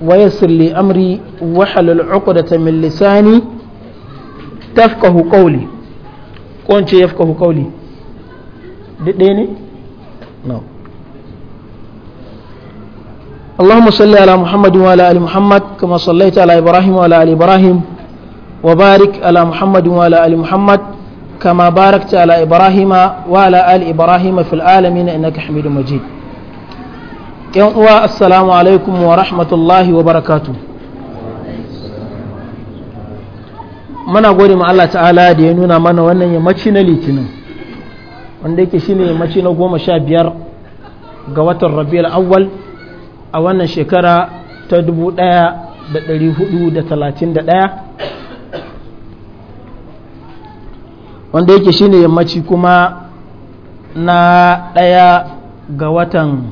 ويسر لي أمري وحلل عقدة من لساني تفقه قولي كونش يفقه قولي ديني نو no. اللهم صل على محمد وعلى آل محمد كما صليت على إبراهيم وعلى آل إبراهيم وبارك على محمد وعلى آل محمد كما باركت على إبراهيم وعلى آل إبراهيم في العالمين إنك حميد مجيد yan uwa assalamu alaikum wa rahmatullahi wa barakatu muna gode ma Allah ta'ala da ya nuna mana wannan yammaci na litinin wanda yake shine yammaci na goma sha biyar ga watan rabiul awwal a wannan shekara ta dubu ɗaya da ɗari hudu da talatin da ɗaya wanda yake shine yammaci kuma na ɗaya ga watan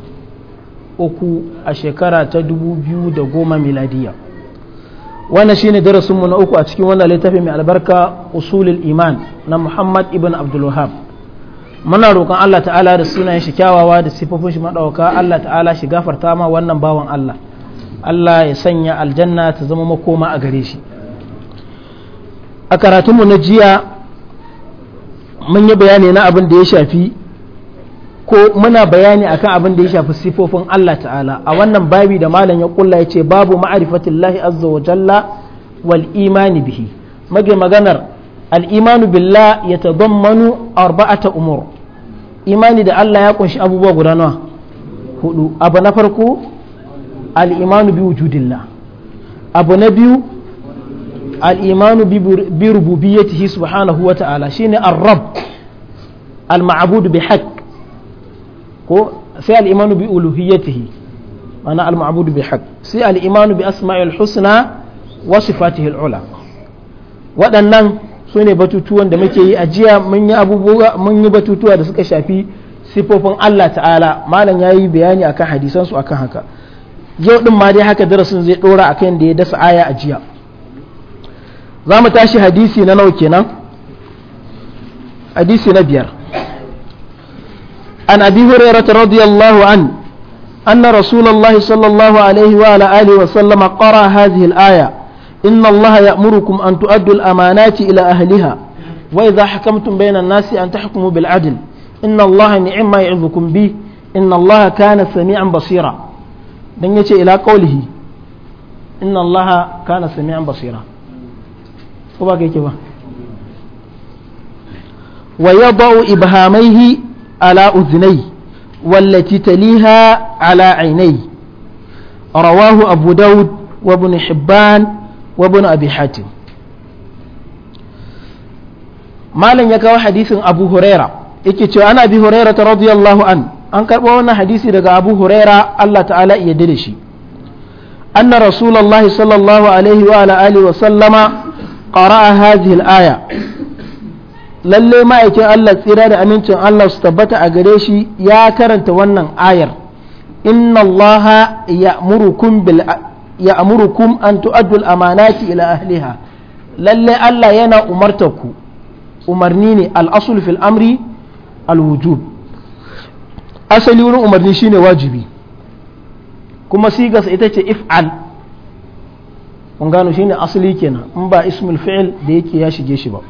uku a shekara ta dubu biyu da goma miladiya wannan shine darasinmu na uku a cikin wannan littafi mai albarka usulul iman na muhammad ibn abdulwahab muna roƙon allah ta'ala da sunayen shi kyawawa da sifofin shi maɗauka allah ta'ala shi gafarta ma wannan bawan allah allah ya sanya aljanna ta zama makoma a gare shi a karatunmu na jiya mun yi bayani na abin da ya shafi ko muna bayani akan abin da ya shafi sifofin Allah ta'ala a wannan babi da malam ya kulla ya ce babu ma'arifatillahi azza wa jalla wal imani bihi mage maganar al imanu billah ya tadammanu arba'ata umur imani da Allah ya kunshi abubuwa guda nawa hudu abu na farko al imanu bi wujudillah abu na biyu al imanu bi rububiyyatihi subhanahu wa ta'ala shine ar-rabb al ma'bud bi haqq ko sai al'imanu bi uluhiyyatihi ma'ana al-ma'budu bi haqq sai al'imanu bi asma'il husna wa sifatihi al-ula waɗannan su ne batutuwan da muke yi a jiya mun yi abubuwa batutuwa da suka shafi sifofin Allah ta'ala malam ya yi bayani akan hadisansu su akan haka yau din ma dai haka darasin zai dora akan da ya dasa aya a jiya za mu tashi hadisi na nawa kenan hadisi na biyar عن أبي هريرة رضي الله عنه أن رسول الله صلى الله عليه وعلى آله وسلم قرأ هذه الآية إن الله يأمركم أن تؤدوا الأمانات إلى أهلها وإذا حكمتم بين الناس أن تحكموا بالعدل إن الله نعم ما يعظكم به إن الله كان سميعا بصيرا دن إلى قوله إن الله كان سميعا بصيرا وباقي كيف ويضع إبهاميه على أذني والتي تليها على عيني رواه أبو داود وابن حبان وابن أبي حاتم malam ya kawo hadisin abu huraira yake cewa ana bi huraira ta radiyallahu an an karɓo wannan hadisi daga abu huraira allah ta'ala iya da shi anna rasulullah sallallahu alaihi wa ala wa sallama aya lalle ma'aikin Allah tsira da amincin Allah su tabbata a gare shi ya karanta wannan ayar inna Allah ya'murukum bil ya'murukum an tu'addu al-amanati ila ahliha lalle Allah yana umartarku umarni ne al-asl fil amri al-wujub asali wurin umarni shine wajibi kuma sigas ita ce if'al kun gano shine asali kenan in ba ismul fi'l da yake ya shige shi ba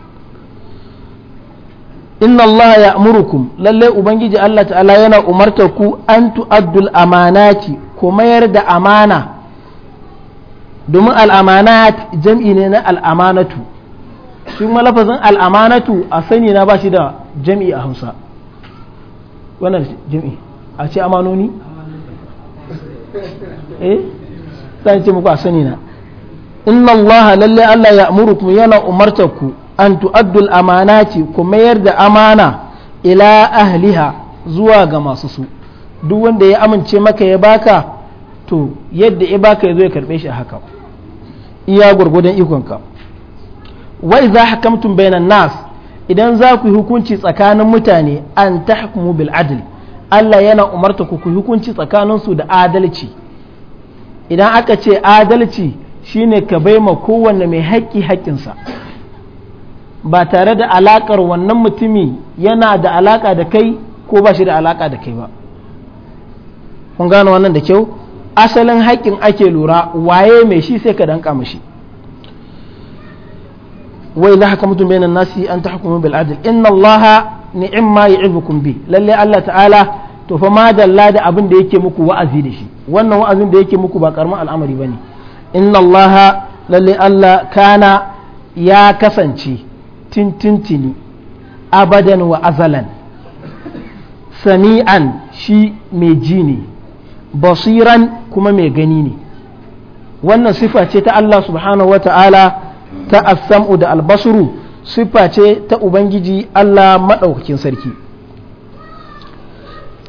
inna Allaha ya amurukum lalle ubangiji Allah ta'ala yana umarta ku an tu'addul amanati ku mayar da amana domin al'amanat jam'i ne na al'amanatu shi kuma lafazin al'amanatu a sani na ba shi da jam'i a hausa wannan jam'i a ce amanoni? eh zan ce muku a sani na inna Allaha lalle Allah ya amurukum yana umartar ku an tu'addul amanati ku mayar da amana ila ahliha zuwa ga masu su duk wanda ya amince maka ya baka to yadda ya baka ya zo ya karbe shi haka iya gwargwadon ikonka wa idza hakamtum bainan nas idan za ku yi hukunci tsakanin mutane an tahkumu bil adl Allah yana umarta ku ku hukunci tsakanin su da adalci idan aka ce adalci shine ka bai ma kowanne mai haƙƙi haƙƙinsa ba tare da alakar wannan mutumi yana da alaka da kai ko ba shi da alaka da kai ba kun gano wannan da kyau asalin haƙƙin ake lura waye mai shi sai ka danka mashi wai za haka mutum bayanan nasi an ta hukumin bil inna Allah ni'imma ya'ibukum bi lalle Allah ta'ala to fa ma dalla da abin da yake muku wa'azi da shi wannan wa'azin da yake muku ba karamin al'amari bane inna Allah lalle Allah kana ya kasance tintintini abadan wa azalan sami'an shi mai ji ne basiran kuma mai gani ne wannan sifa ce ta Allah subhanahu wata'ala ta assam'u da albasuru sifa ce ta ubangiji Allah maɗaukakin sarki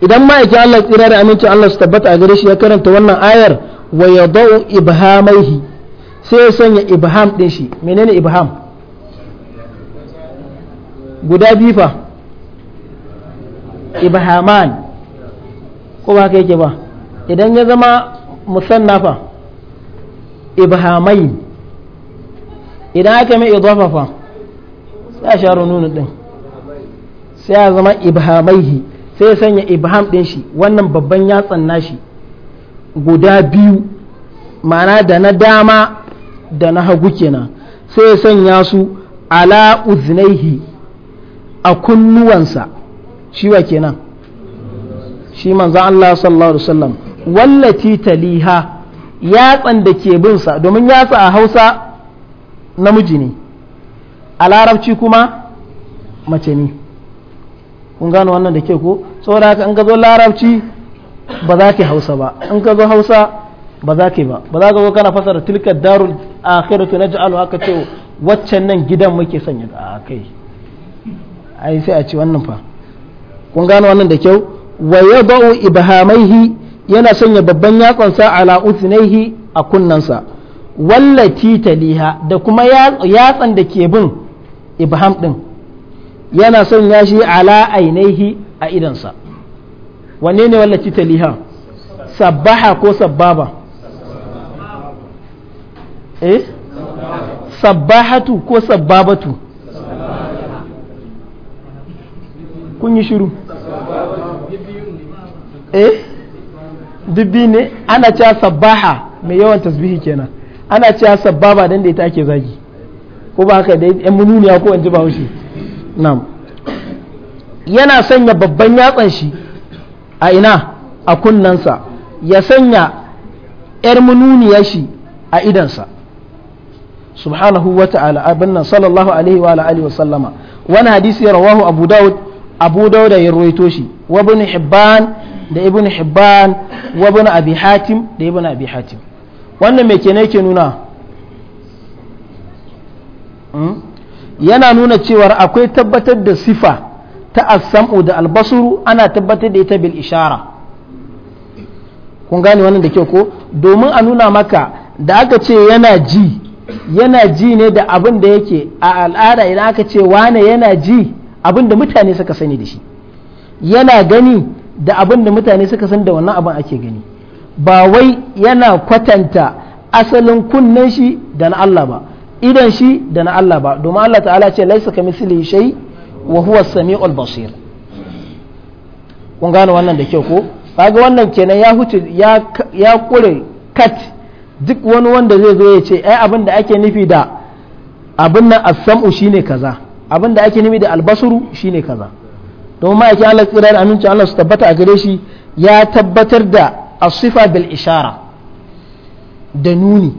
idan ma'aikin Allah tsira da amincin Allah su tabbata a gare shi ya karanta wannan ayar wa ya ibhamaihi sai ya sanya ibham ɗin shi menene ibham guda biyu fa ibhaman ko ba haka yake ba idan ya zama musannafa ibhamai idan aka mai idafa fa sai sharu share nunu din sai ya zama ibhamaihi sai ya sanya ibham din shi wannan babban yatsan nashi guda biyu ma'ana da na dama da na hagu kenan sai ya sanya su ala uznaihi a kunnuwansa shi wa kenan shi manzo Allah sallallahu alaihi wasallam wallati taliha yatsan da ke bin sa domin yatsa a Hausa namiji ne a larabci kuma mace ne kun gano wannan da ke ko saboda haka in ka zo larabci ba za ka Hausa ba in ka zo Hausa ba za ka ba ba za ka zo kana fasara tilka darul akhiratu naj'alu haka ce waccan nan gidan muke sanya a kai ai sai a ce wannan fa kun gano wannan da kyau wa yadau ibhamaihi yana sanya babban yatsansa ala uthnaihi a kunnansa wallati taliha da kuma yatsan da ke bin ibham din yana sanya shi ala ainihi a idansa wanne ne wallati taliha sabaha ko sababa eh sabbahatu ko sabbabatu kun yi shiru eh dubbi ne ana cewa sabbaha mai yawan tasbihi kenan ana cewa sabbaba dan da ita ake zagi ko ba haka da yan mununiya ko an ji bahaushe na'am yana sanya babban yatsan shi a ina a kunnansa ya sanya yar mununiya shi a idansa subhanahu wa ta'ala abin nan sallallahu alaihi wa alihi wa sallama wani hadisi rawahu abu dawud abu dauda ya ruwaito shi wa ibn hibban da ibn hibban wa ibn abi hatim da ibn abi hatim wannan me kenan yake nuna hmm? yana nuna cewa akwai tabbatar da sifa ta as-sam'u da al-basru ana tabbatar da ita bil ishara kun gane wannan da kyau ko domin a nuna maka da aka ce yana ji yana ji ne da abin da yake a al'ada idan aka ce wane yana ji abin da mutane suka sani da shi yana gani da abin da mutane suka sani da wannan abin ake gani ba wai yana kwatanta asalin kunnen shi da na Allah ba idan shi da na Allah ba domin Allah ta'ala ce laisa ka misli shay wa huwa samiul basir kun gane wannan da kyau ko kaga wannan kenan ya huce ya ya kure kat duk wani wanda zai zo ya ce ai abin da ake nufi da abin nan as-sam'u shine kaza abin da ake nufi da albasuru shine kaza don ma yake Allah da aminci Allah su tabbata a gare shi ya tabbatar da asifa bil ishara da nuni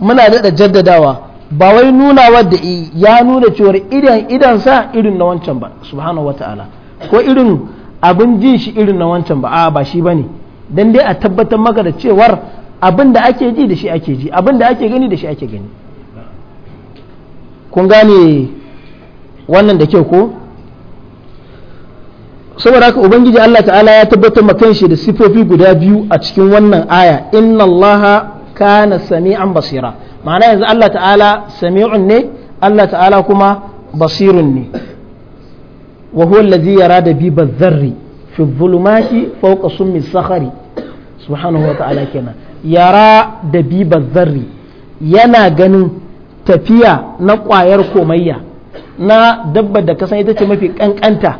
muna daɗa jaddadawa ba wai nuna da ya nuna cewar idan idan sa irin na wancan ba subhanahu wata'ala ko irin abin jin shi irin na wancan ba a ba shi bane dan dai a tabbatar maka da cewar abin da ake ji da shi ake ji abin da ake gani da shi ake gani kun gane wannan da kyau ko saboda haka ubangiji Allah ta'ala ya tabbatar ma kanshi da sifofi guda biyu a cikin wannan aya inna allaha kana sami'an basira ma'ana yanzu Allah ta'ala sami'un ne Allah ta'ala kuma basirun ne wa huwa allazi yara da bi bazzarri fi dhulumati fawqa summi sakhari subhanahu wa ta'ala kenan yara da bi bazzarri yana ganin tafiya na kwayar komayya na dabbar da kasan ita ce mafi kankanta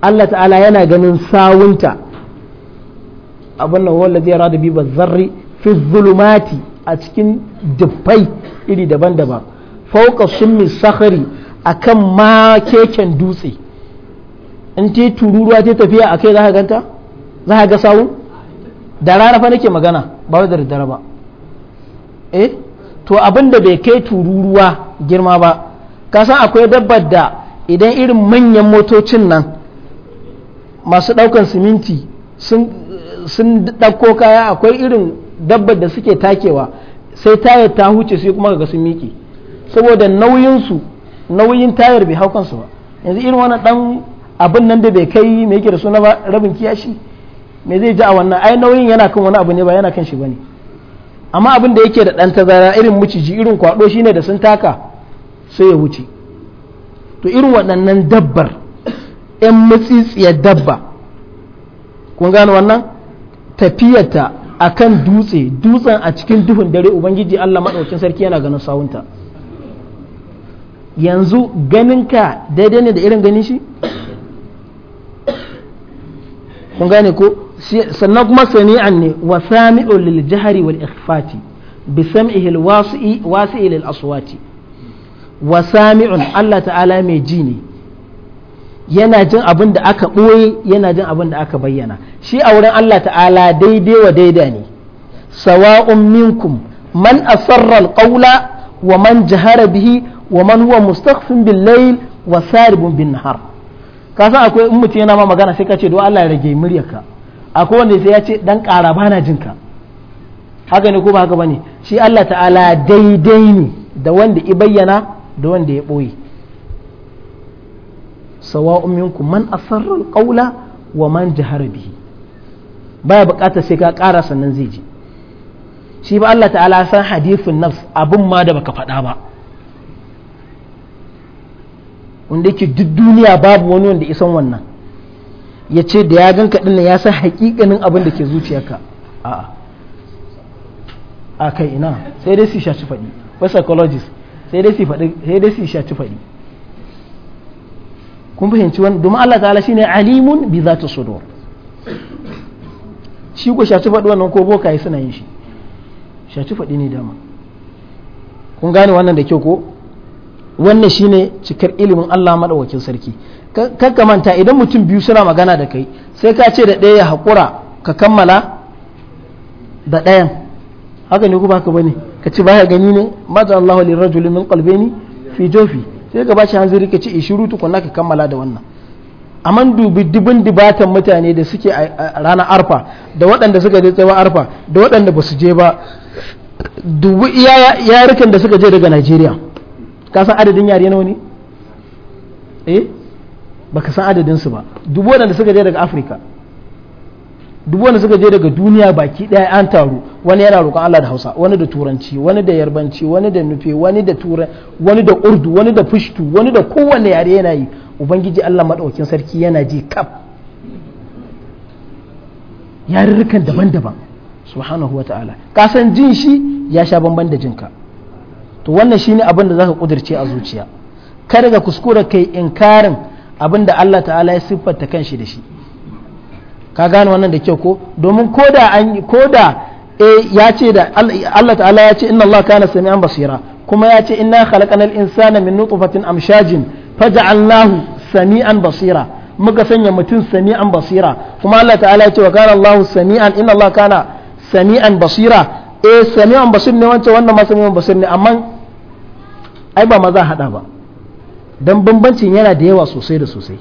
Allah ta'ala yana ganin sawunta abin nan wanda zai rada bi zarri fi zulumati a cikin dubbai iri daban-daban fauka summi sakhari akan ma keken dutse in ta tururuwa ce tafiya a kai za ka ganta za ka ga sawun da rana fa nake magana ba da daddare ba eh to abin da bai kai tururuwa girma ba kasan akwai dabbar da idan irin manyan motocin nan masu daukan siminti sun ɗauko kaya akwai irin dabbar da suke takewa sai tayar ta huce sai kuma ga sun miƙe saboda nauyinsu nauyin tayar bai haukansu ba yanzu irin wani ɗan abin nan da bai kai mai yake da suna ba rabin kiyashi me zai ji a wannan ai nauyin yana kan wani abu ne ba yana kan shi bane amma abin da yake da ɗan tazara irin muciji irin kwaɗo shi ne da sun taka sai ya wuce to irin waɗannan dabbar 'yan matsitsiyar dabba kun gane wannan tafiyata a kan dutse dutsen a cikin duhun dare ubangiji allah maɗaukin sarki yana ganin sawunta yanzu ganinka daidai ne da irin ganin shi kun gane ko sannan kuma sami'an ne wa sami lil jahari wal ikhfati bi sam'ihi al wasi'i lil aswati wa sami'un Allah ta'ala mai ji ne yana jin abin da aka ɓoye yana jin abin da aka bayyana shi a wurin Allah ta'ala daidai wa daida ne sawa'un minkum man asarra alqawla wa man jahara bihi wa man huwa mustakhfin bil layl wa saribun bin nahar ka san akwai in mutum yana ma magana sai ka ce do Allah ya rage muryarka akwai wanda sai ya ce dan ƙara bana jinka haka ne ko ba haka bane shi Allah ta'ala daidai ne da wanda i bayyana da wanda ya ɓoye sawa'un minkum man asarra ƙaula wa man jahara bihi baya bukata sai ka ƙara sannan zai ji shi ba Allah ta'ala san hadithun nafs abin ma da baka faɗa ba wanda yake duk duniya babu wani wanda isan wannan ya ce da ya ganka ɗin ya san haƙiƙanin abin da ke zuciyarka a'a a kai ina sai dai su shaci faɗi wai psychologist sai dai su faɗi sai dai su shaci faɗi kun fahimci wani domin Allah ta'ala shine alimun bi zati sudur shi ko shaci faɗi wannan ko boka yi suna yin shi shaci faɗi ne dama kun gane wannan da kyau ko wannan shine cikar ilimin Allah madawakin sarki kakka manta idan mutum biyu suna magana da kai sai ka ce da ɗaya ya haƙura ka kammala da ɗayan haka ne ku ba ka bane ka ci baya gani ne maza Allahu lil rajulun min kalbeni fi jofi sai ka bashi hanzu ka ci ishiru tukunna ka kammala da wannan amma dubi dubin dubatan mutane da suke a ranar arfa da waɗanda suka je tsawon arfa da waɗanda ba su je ba dubu iya yarukan da suka je daga Najeriya ka san adadin yare nawa ne eh ka san adadinsu ba dubu waɗanda suka je daga Afirka duk wanda suka je daga duniya baki ɗaya an taru wani yana roƙon Allah da Hausa wani da turanci wani da yarbanci wani da nufe wani da turan wani da urdu wani da fushtu wani da kowanne yare yana yi ubangiji Allah madaukakin sarki yana ji kaf yarurrukan daban-daban subhanahu wata'ala ka san jin shi ya sha bamban da jinka to wannan shine abin da zaka kudirce a zuciya kada ka kuskura kai inkarin abin da Allah ta'ala ya siffata kanshi da shi ka gane wannan da kyau ko domin koda an koda eh, ya ce da Allah ta'ala ya ce inna Allah kana sami'an basira kuma ya ce inna khalaqanal insana min nutfatin amshajin faj'alnahu sami'an basira muka sanya mutum sami'an basira kuma Allah ta'ala ya ce wa kana Allah sami'an inna Allah kana sami'an basira eh sami'an basir ne wancan wannan ma sami'an basir ne amma ai ba maza hada ba dan bambancin yana da yawa sosai da sosai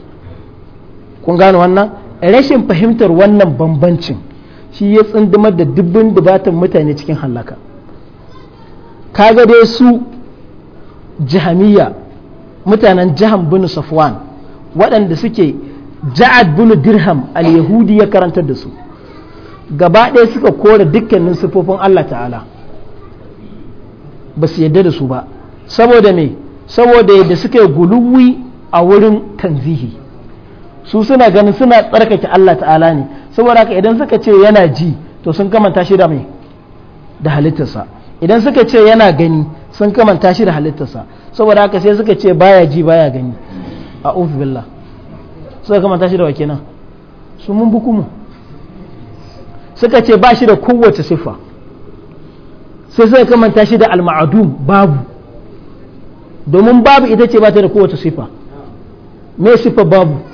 kun gane wannan rashin fahimtar wannan bambancin shi ya tsundumar da dubbin dubatan mutane cikin hallaka kaga dai su jihamiya mutanen jiham bin safwan waɗanda suke ja'ad bin dirham al-yahudi ya karantar da su gaba ɗaya suka kore dukkanin siffofin Allah ta'ala ba su yadda da su ba saboda me saboda yadda suka yi guluwi a wurin tanzihi su suna ganin suna tsarkake Allah ta'ala ne saboda haka idan suka ce yana ji to sun kamanta shi da mai da halittarsa idan suka ce yana gani sun kamanta shi da halittarsa saboda haka sai suka ce baya ji baya gani a ufi billah suka kamanta shi da wake nan su mun buku mu suka ce ba shi da kowace siffa sai suka kamanta shi da alma'adum babu domin babu ita ce ba ta da kowace siffa me siffa babu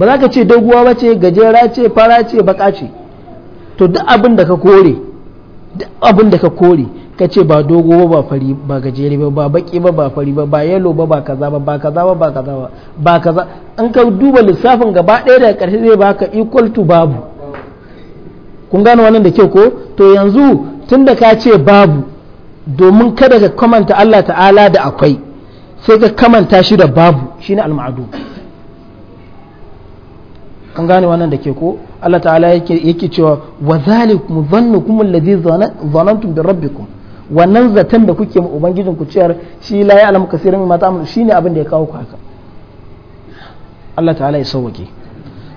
ba za ka ce doguwa ba ce gajera ce fara ce baka ce to duk abin da ka kore duk abin da ka kore ka ce ba dogo ba fari ba gajere ba ba baki ba ba fari ba ba yalo ba ba kaza ba ba kaza ba ba kaza ba ba kaza an ka duba lissafin gaba ɗaya daga ƙarshe zai baka equal to babu kun gane wannan da kyau ko to yanzu tun da ka ce babu domin kada ka kamanta Allah ta'ala da akwai sai ka kamanta shi da babu shine al-ma'dud an gane wannan da ke ko Allah ta'ala yake cewa wa zalikum dhannukum alladhi dhanantum bi rabbikum wannan zaton da kuke ma ubangijin ku ciyar shi la ya alamu kasirin mata amal shine abin da ya kawo ku haka Allah ta'ala ya sauke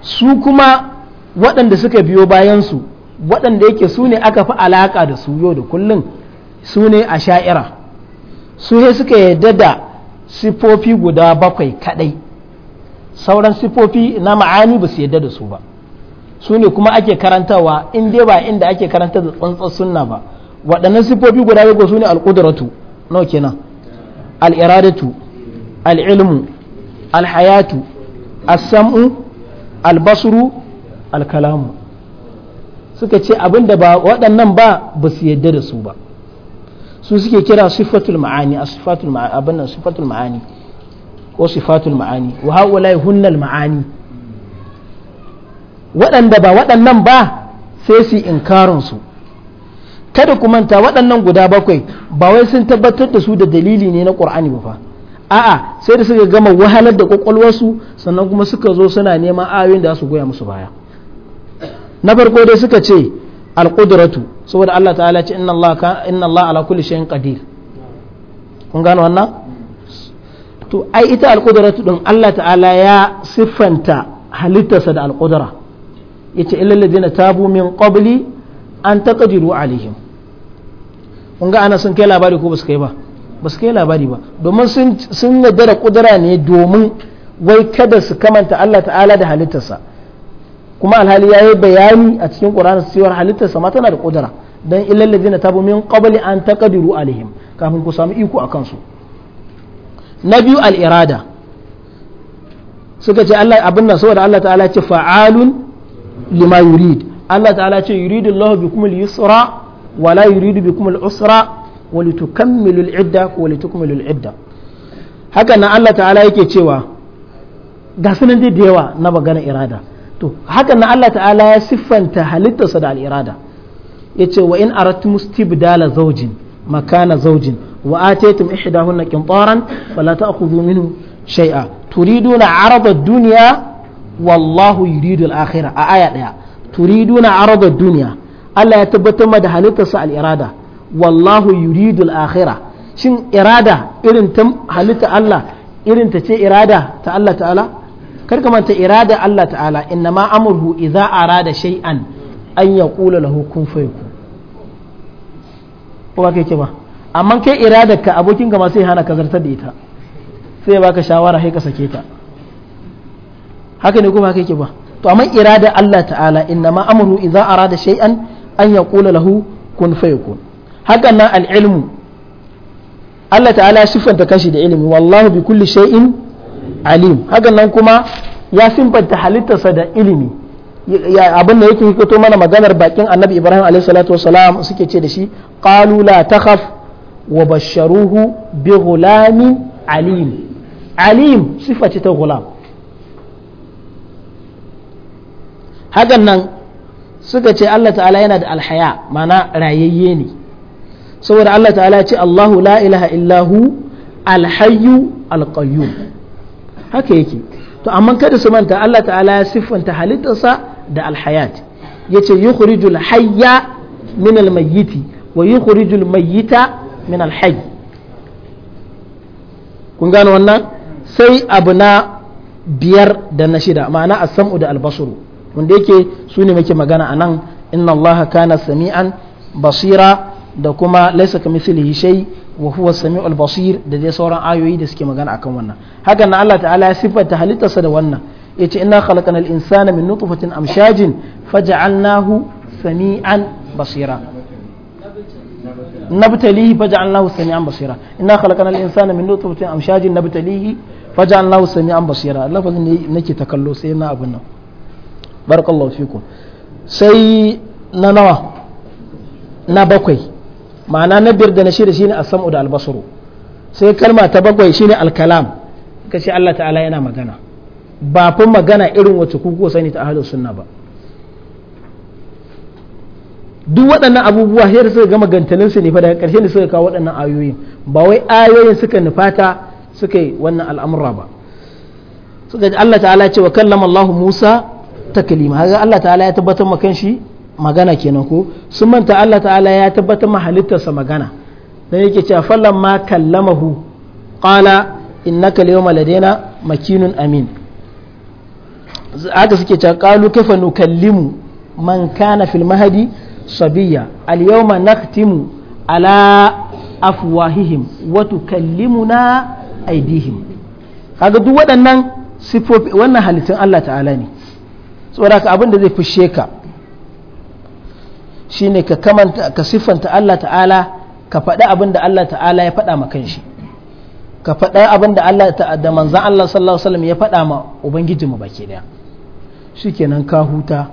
su kuma waɗanda suka biyo bayan su waɗanda yake su ne aka fi alaka da su yau da kullun su ne a sha'ira su he suka yarda da sifofi guda bakwai kadai sauran sifofi na ma'ani ba su yadda da su ba su ne kuma ake karantawa in dai ba inda ake karanta da tsantsar sunna ba waɗannan sifofi guda uku su ne alƙudratu nawa kenan al'iradatu al'ilmu alhayatu as-sam'u al-basru al suka ce abinda ba waɗannan ba ba su yadda da su ba su suke kira sifatul ma'ani a sifatul ma'ani abin nan sifatul ma'ani ko sifatul ma'ani wa haula hunnal ma'ani waɗanda ba waɗannan ba sai su inkarin su kada ku manta waɗannan guda bakwai ba wai sun tabbatar da su da dalili ne na ƙur'ani ba fa a'a sai da suka gama wahalar da kwakwalwarsu sannan kuma suka zo suna neman ayoyin da su goya musu baya na farko dai suka ce al-qudratu saboda Allah ta'ala ce inna Allah ala kulli shay'in qadir kun gano wannan to ai ita alƙudratu ɗin Allah ta'ala ya siffanta halittarsa da alƙudra yace ce illalladina tabu min qabli an taqdiru alaihim kun ga ana sun kai labari ko ba su kai ba ba kai labari ba domin sun yadda da kudura ne domin wai kada su kamanta Allah ta'ala da halittarsa kuma alhali ya yi bayani a cikin ƙur'ani cewa halittarsa ma tana da kudura dan illal ladina tabu min qabli an taqdiru alaihim kafin ku samu iko a kansu na biyu al'irada suka ce Allah abin da saboda Allah ta'ala ce fa'alun lima yurid Allah ta'ala ce yuridu Allah bikum kuma yusra wa la yuridu bikum al-usra wa litukammilu al-idda wa litukmilu al-idda haka nan Allah ta'ala yake cewa ga sunan dai da yawa na magana irada to haka nan Allah ta'ala ya siffanta halittarsa da al'irada irada yace wa in arattum istibdala zaujin makana zaujin. wa ataytum ihdahunna qintaran fala ta'khudhu minhu shay'a turiduna 'arada ad-dunya wallahu yuridu al-akhirah a aya daya turiduna 'arada ad-dunya Allah ya tabbatar da halittarsa al-irada wallahu yuridu al-akhirah shin irada irin ta halitta Allah irin ta ce irada ta Allah ta'ala karka manta irada Allah ta'ala ma amurhu ara da shai'an an yaqula lahu kun fayakun amma kai iradar ka abokin gama sai hana ka zartar da ita sai baka shawara sai ka sake ta haka ne kuma haka yake ba to amma irada Allah ta'ala inna ma amru idza arada shay'an an yaqula lahu kun fayakun haka nan al-ilmu Allah ta'ala ya siffanta kashi da ilimi wallahu bi kulli shay'in alim haka nan kuma ya siffanta halittarsa da ilimi abin da yake hikato mana maganar bakin annabi ibrahim alaihi salatu wasalam suke ce da shi qalu la takhaf wa basharuhu bi ghulamin alim alim sifa ce ta nan suka ce Allah ta'ala yana da alhaya mana rayayye ne saboda Allah ya ce Allahu la ilaha illahu alhayyu alqayyum haka yake to amma kada su manta Allah ya sifanta halittarsa da alhayat yace yukhrijul hayya min almayyiti wa yukhrijul mayyita min alhayy kun gane wannan sai abu na biyar da na shida ma'ana as-sam'u da al-basru wanda yake su ne muke magana anan inna Allah kana sami'an basira da kuma laisa kamithlihi shay wa huwa sami'ul basir da dai sauran ayoyi da suke magana akan wannan hakan na Allah ta'ala ya sifata halittarsa da wannan yace inna khalaqnal insana min nutfatin amshajin faj'alnahu sami'an basira نبتليه فجعلناه سميعا بصيرا إنا خلقنا الإنسان من نطفة أمشاج نبتليه فجعلناه سميعا بصيرا لفظ نكي تكلو سينا أبنا بارك الله فيكم سي ننوى نبقي معنى نبير دنشير شيني السمع دا البصر sai kalma ta bakwai shine alkalam kace Allah ta'ala yana magana ba fa magana irin wacce ku ko sani ta ahlus sunna ba duk waɗannan abubuwa sai da suka gama gantalin su ne fa daga ƙarshe ne suka kawo waɗannan ayoyin ba wai ayoyin suka nufata suka yi wannan al'amura ba suka ji Allah ta'ala ce wa kallama Allah Musa taklima haka Allah ta'ala ya tabbatar ma kanshi magana kenan ko sun manta Allah ta'ala ya tabbatar ma halittarsa magana dan yake cewa fallan ma kallamahu qala innaka liyawma ladaina makinun amin haka suke cewa qalu kaifa nukallimu man kana fil mahadi صبية اليوم نختم على أفواههم وتكلمنا أيديهم kaga duk waɗannan siffofi wannan halittun Allah ta'ala ne saboda ka abin da zai fushe ka shine ka kamanta ka siffanta Allah ta'ala ka faɗi abin da Allah ta'ala ya faɗa ma shi. ka faɗa abin da Allah da manzon Allah sallallahu alaihi wasallam ya faɗa ma ubangijinmu baki daya shikenan ka huta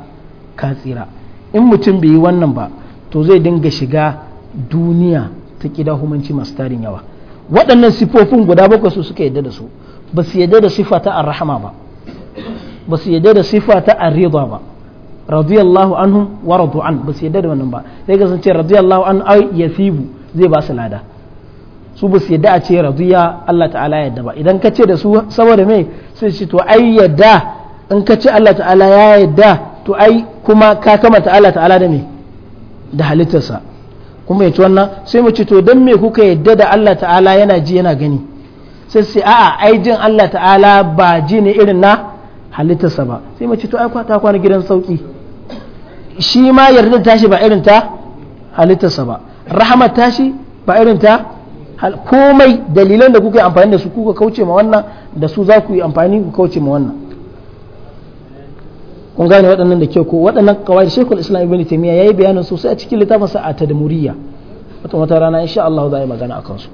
ka tsira in mutum bai yi wannan ba to zai dinga shiga duniya ta kida humanci masu tarin yawa waɗannan sifofin guda bakwai su suka yadda da su ba su yadda da sifa ta rahama ba ba su yadda da sifa ta arriba ba radiyallahu anhum wa radu an ba su yadda da wannan ba sai kasance sun ce radiyallahu an ay yasibu zai ba su lada su ba su yadda a ce radiya Allah ta'ala ya yadda ba idan ka ce da su saboda me sai ce to ai yadda in ka ce Allah ta'ala ya yadda to ai kuma ka kamata Allah ta'ala da me da halittarsa kuma ya ci wannan sai mu ce to dan me kuka yadda da Allah ta'ala yana ji yana gani sai sai a'a ai jin Allah ta'ala ba ji ne irin na halittarsa ba sai mu ce to ai ta kwana gidan sauki shi ma yarda tashi ba irin ta halittarsa ba rahmat tashi ba irin ta komai dalilan da kuka yi amfani da su kuka kauce ma wannan da su za ku yi amfani ku kauce ma wannan kun gane waɗannan da kyau ko waɗannan kawai shekul islam ibn ya yi bayanin sosai a cikin littafinsa a tadmuriya wata wata rana insha Allah za a yi magana a su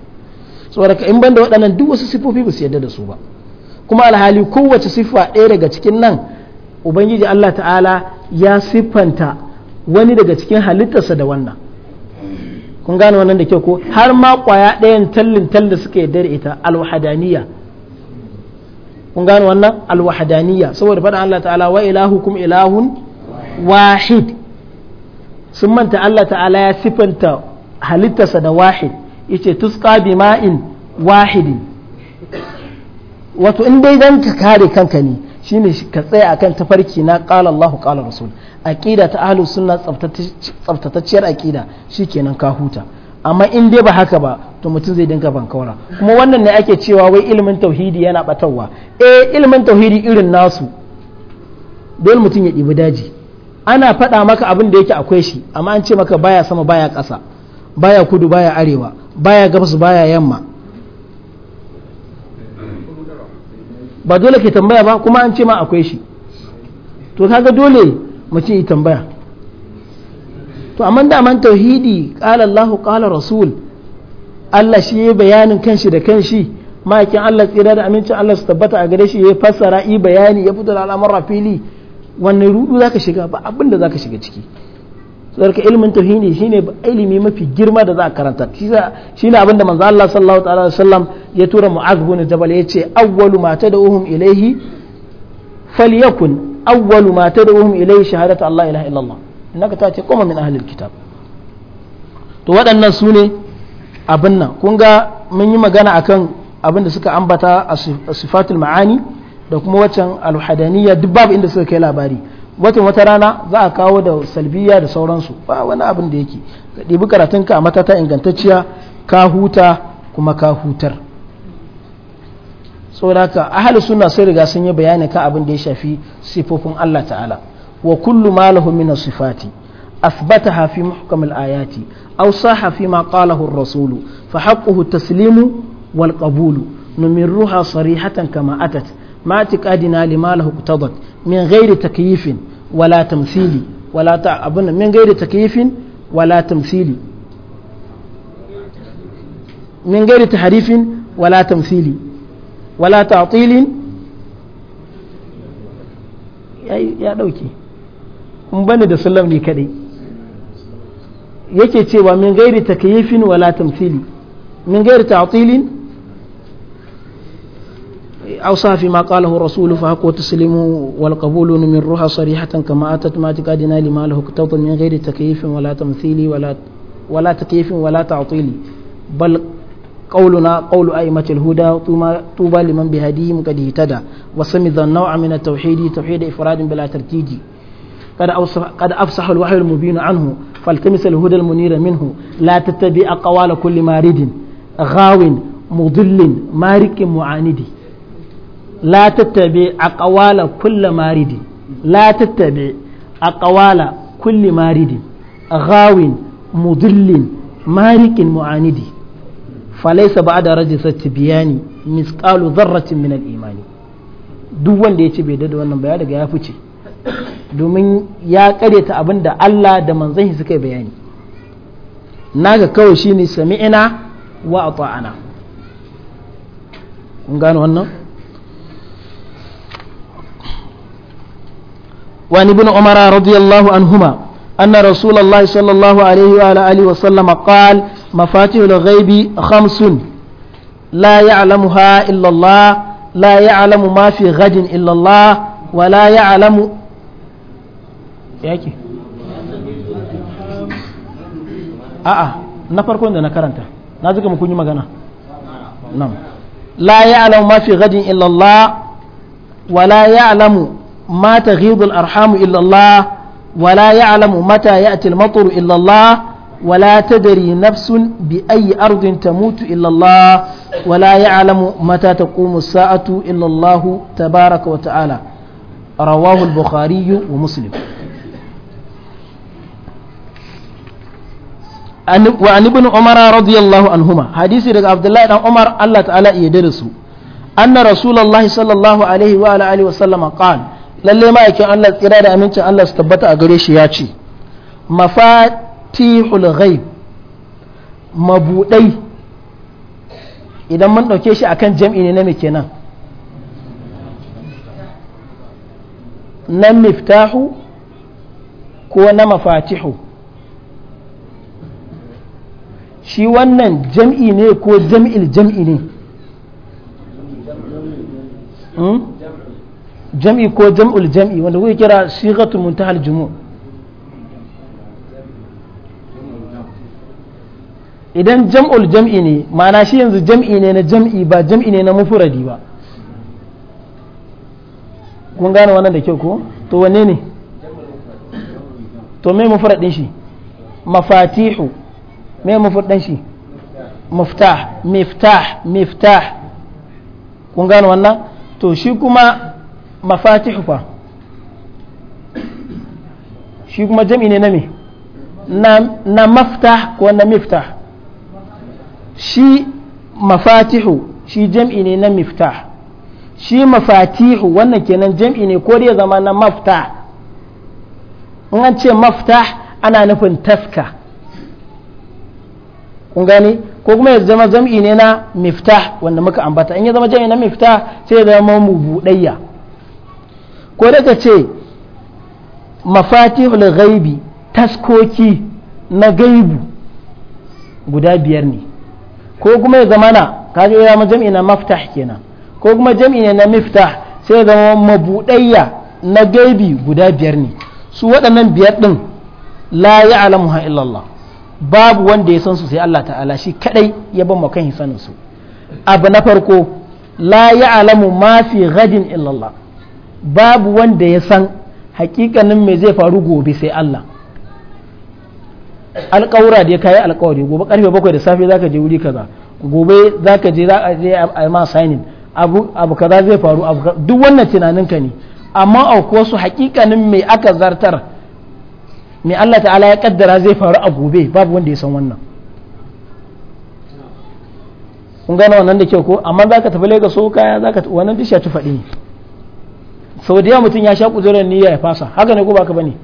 saboda in banda waɗannan duk wasu sifofi ba su yadda da su ba kuma alhali kowace sifa ɗaya daga cikin nan ubangiji Allah ta'ala ya siffanta wani daga cikin halittarsa da wannan kun gane wannan da kyau ko har ma ƙwaya ɗayan tallin tallin suka yarda da ita alwahadaniya kun gano wannan alwahdaniyya saboda faɗin Allah ta'ala wa ilahukum ilahun wahid sun manta Allah ta'ala ya sifanta halittarsa da wahid yace tusqa bi ma'in wahidi wato in dai dan ka kare kanka ne shine ka tsaya akan tafarki na qala Allah qala rasul aqida ta suna sunna tsaftatacciyar aqida shikenan ka huta amma in dai ba haka ba to mutum zai dinga bankaura kuma wannan ne ake cewa wai ilimin tauhidi yana batarwa eh ilimin tauhidi irin nasu dole mutum ya ɗibi daji ana faɗa maka abin da yake akwai shi amma an ce maka baya sama baya ƙasa baya kudu baya arewa baya gabas baya yamma ba dole ke tambaya ba kuma an ce ma akwai shi to kaga dole mutum yi tambaya to amma daman tauhidi qala Allahu qala rasul Allah shi ya bayanin kanshi da kanshi ma'aikin Allah tsira da amincin Allah su tabbata a gare shi ya fassara yi bayani ya fito da al'amuran fili wannan rudu zaka shiga ba abin da zaka shiga ciki tsarka ilimin shi shine ilimi mafi girma da za a karanta shine abinda manzo Allah sallallahu ta'ala alaihi wasallam ya tura mu'az bin Jabal yace awwalu ma tad'uhum ilayhi falyakun awwalu ma tad'uhum ilayhi shahadatu Allah ilaha illallah innaka ce qawman min ahli alkitab to waɗannan su ne abin nan kun ga mun yi magana akan abin da suka ambata a sifatul ma'ani da kuma waccan alhadaniya duk babu inda suka kai labari watan wata rana za a kawo da salbiya da sauransu ba wani abin da yake ka ɗibi karatun ka a matata ingantacciya ka huta kuma ka hutar saboda ahli sunna sai riga sun yi bayani ka abin da ya shafi sifofin Allah ta'ala wa kullu ma lahu sifati أثبتها في محكم الآيات أو صح فيما قاله الرسول فحقه التسليم والقبول نمرها صريحة كما أتت ما تكادنا لما له اقتضت من غير تكييف ولا تمثيل ولا تعبنا من غير تكييف ولا تمثيل من غير تحريف ولا تمثيل ولا تعطيل يا دوكي مبند سلم لي كريم yake cewa min gairi takyifin wala tamthili min gairi ta'tilin أوصى فيما قاله الرسول فحق تسليم والقبول من روحه صريحة كما أتت ما اعتقادنا لما له كتوب من غير تكييف ولا تمثيل ولا ولا تكييف ولا تعطيل بل قولنا قول أئمة الهدى طوبى لمن بهديهم قد اهتدى وسمي ذا النوع من التوحيد توحيد إفراد بلا ترتيج قد, قد أفصح الوحي المبين عنه فالتمس الهدى المنير منه لا تتبع أقوال كل مارد غاو مضل مارك معاند لا تتبع أقوال كل مارد لا تتبع أقوال كل مارد غاو مضل مارك معاند فليس بعد رجس التبيان مثقال ذرة من الإيمان duk wanda ya ce bai da wannan baya daga ya fice domin ya karyata abinda Allah da manzanshi suka yi bayani na ga kawai shi ne sami'ina wa a ta'ana kun gano wani bin umara radiyallahu anhuma أن رسول الله صلى الله عليه وعلى آله وسلم قال مفاتيح الغيب خمس لا يعلمها إلا الله لا يعلم ما في غد إلا الله ولا يعلم yake a'a na farkon da na karanta na zuga mu yi magana nan. la ya'lamu ma fi ghadin illa Allah wa la ya'lamu ma taghidu al-arham illa Allah wa la ya'lamu mata ya'ti al-matru illa Allah wa la tadri nafsun bi ayyi ardin tamutu illa Allah wa la ya'lamu mata taqumu as-sa'atu illa Allah tabaaraka wa ta'ala rawahu al-bukhari wa muslim wa an ibn umar radiyallahu anhuma hadisi daga abdullahi dan umar Allah ta'ala iya dare su anna rasulullahi sallallahu alaihi wa alihi wa sallam qala lalle yake Allah tsira da amincin Allah su tabbata a gare shi ya ce mafatihul ghaib mabudai idan mun dauke shi akan jam'i ne na me kenan na miftahu ko na mafatihu shi wannan jam'i ne ko jam'il jam'i ne hmm? jam'i ko jam'ul jam'i wanda kuke kira sighatu muntahal jumu idan jam'ul jam'i ne ma'ana shi yanzu jam'i ne na jam'i ba jam'i ne na mufuradi ba kun gane wannan da kyau ko to wanne ne to me mufuradin shi mafatihu me mafudan shi miftah miftah miftah kun gano wannan to shi kuma mafatihu fa shi kuma jami ne na me na maftah ko na miftah shi mafatihu shi jam'i ne na miftah shi mafatihu wannan kenan jam'i ne ko dai zama na maftah in an ce maftah ana nufin taska kun gane ko kuma ya zama jam'i ne na miftah wanda muka ambata in ya zama jam'i na miftah sai ya zama mubudayya ko da ce mafatihul ghaibi taskoki na gaibu guda biyar ne ko kuma ya zama na ya na maftah kenan ko kuma jam'i ne na miftah sai ya zama mabudayya na gaibi guda biyar ne su waɗannan biyar din la ya'lamuha illallah babu wanda ya san su sai Allah ta'ala shi kadai ya ban makan sanin su abu na farko la ya'lamu ma fi ghadin illallah babu wanda ya san hakikanin me zai faru gobe sai Allah alƙawura da ya kayi alƙawari gobe karfe bakwai da safe zaka je wuri kaza gobe zaka je za a je a ma signing abu abu kaza zai faru abu duk wannan tunaninka ne amma akwai su hakikanin me aka zartar me Allah ta'ala ya kaddara zai faru a gobe babu wanda ya san wannan kun gane wannan da kyau ko amma za ka tafi lagos ko kaya za ka wannan duk shafi faɗi ne sau da yawa mutum ya sha kuzurin niyya ya fasa haka ne ko baka bane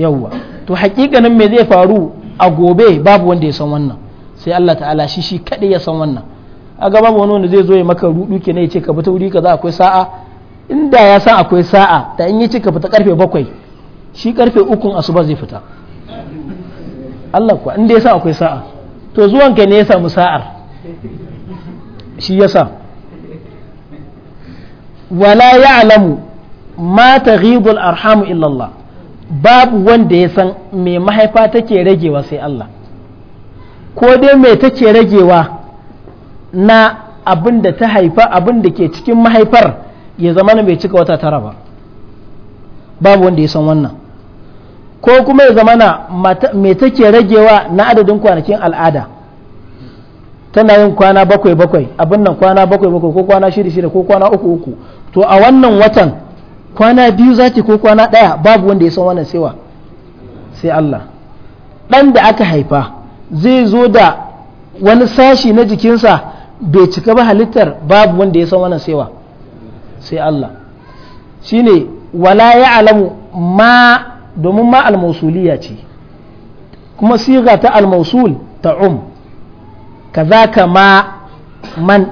yawwa to nan me zai faru a gobe babu wanda ya san wannan sai Allah ta'ala shi shi kaɗai ya san wannan a gaba wani wanda zai zo ya maka rudu kenan ya ce ka bi ta wuri za akwai sa'a inda ya san akwai sa'a da in ya ce ka fita karfe bakwai shi karfe ukun asuba zai fita Allah kuwa inda ya sa akwai sa'a to zuwan kai ne ya samu sa'ar shi ya sa wala ya'lamu ma taghibul arhamu illallah babu wanda ya san me mahaifa take ragewa sai Allah ko dai me take ragewa na abin da ta haifa abin da ke cikin mahaifar ya zama bai cika wata tara ba babu wanda ya san wannan ko kuma ya zamana me take ragewa na adadin kwanakin al'ada tana yin kwana bakwai bakwai abin nan kwana bakwai bakwai ko kwana shida shida ko kwana uku uku to a wannan watan kwana biyu za ko kwana ɗaya babu wanda ya san wannan sewa sai Allah ɗan da aka haifa zai zo da wani sashi na jikinsa bai cika ba halittar babu wanda ya san wannan sewa sai Allah shine wala ya alamu ma domin ma almausuliya ce kuma siga ta almasul ta um ka za ka ma man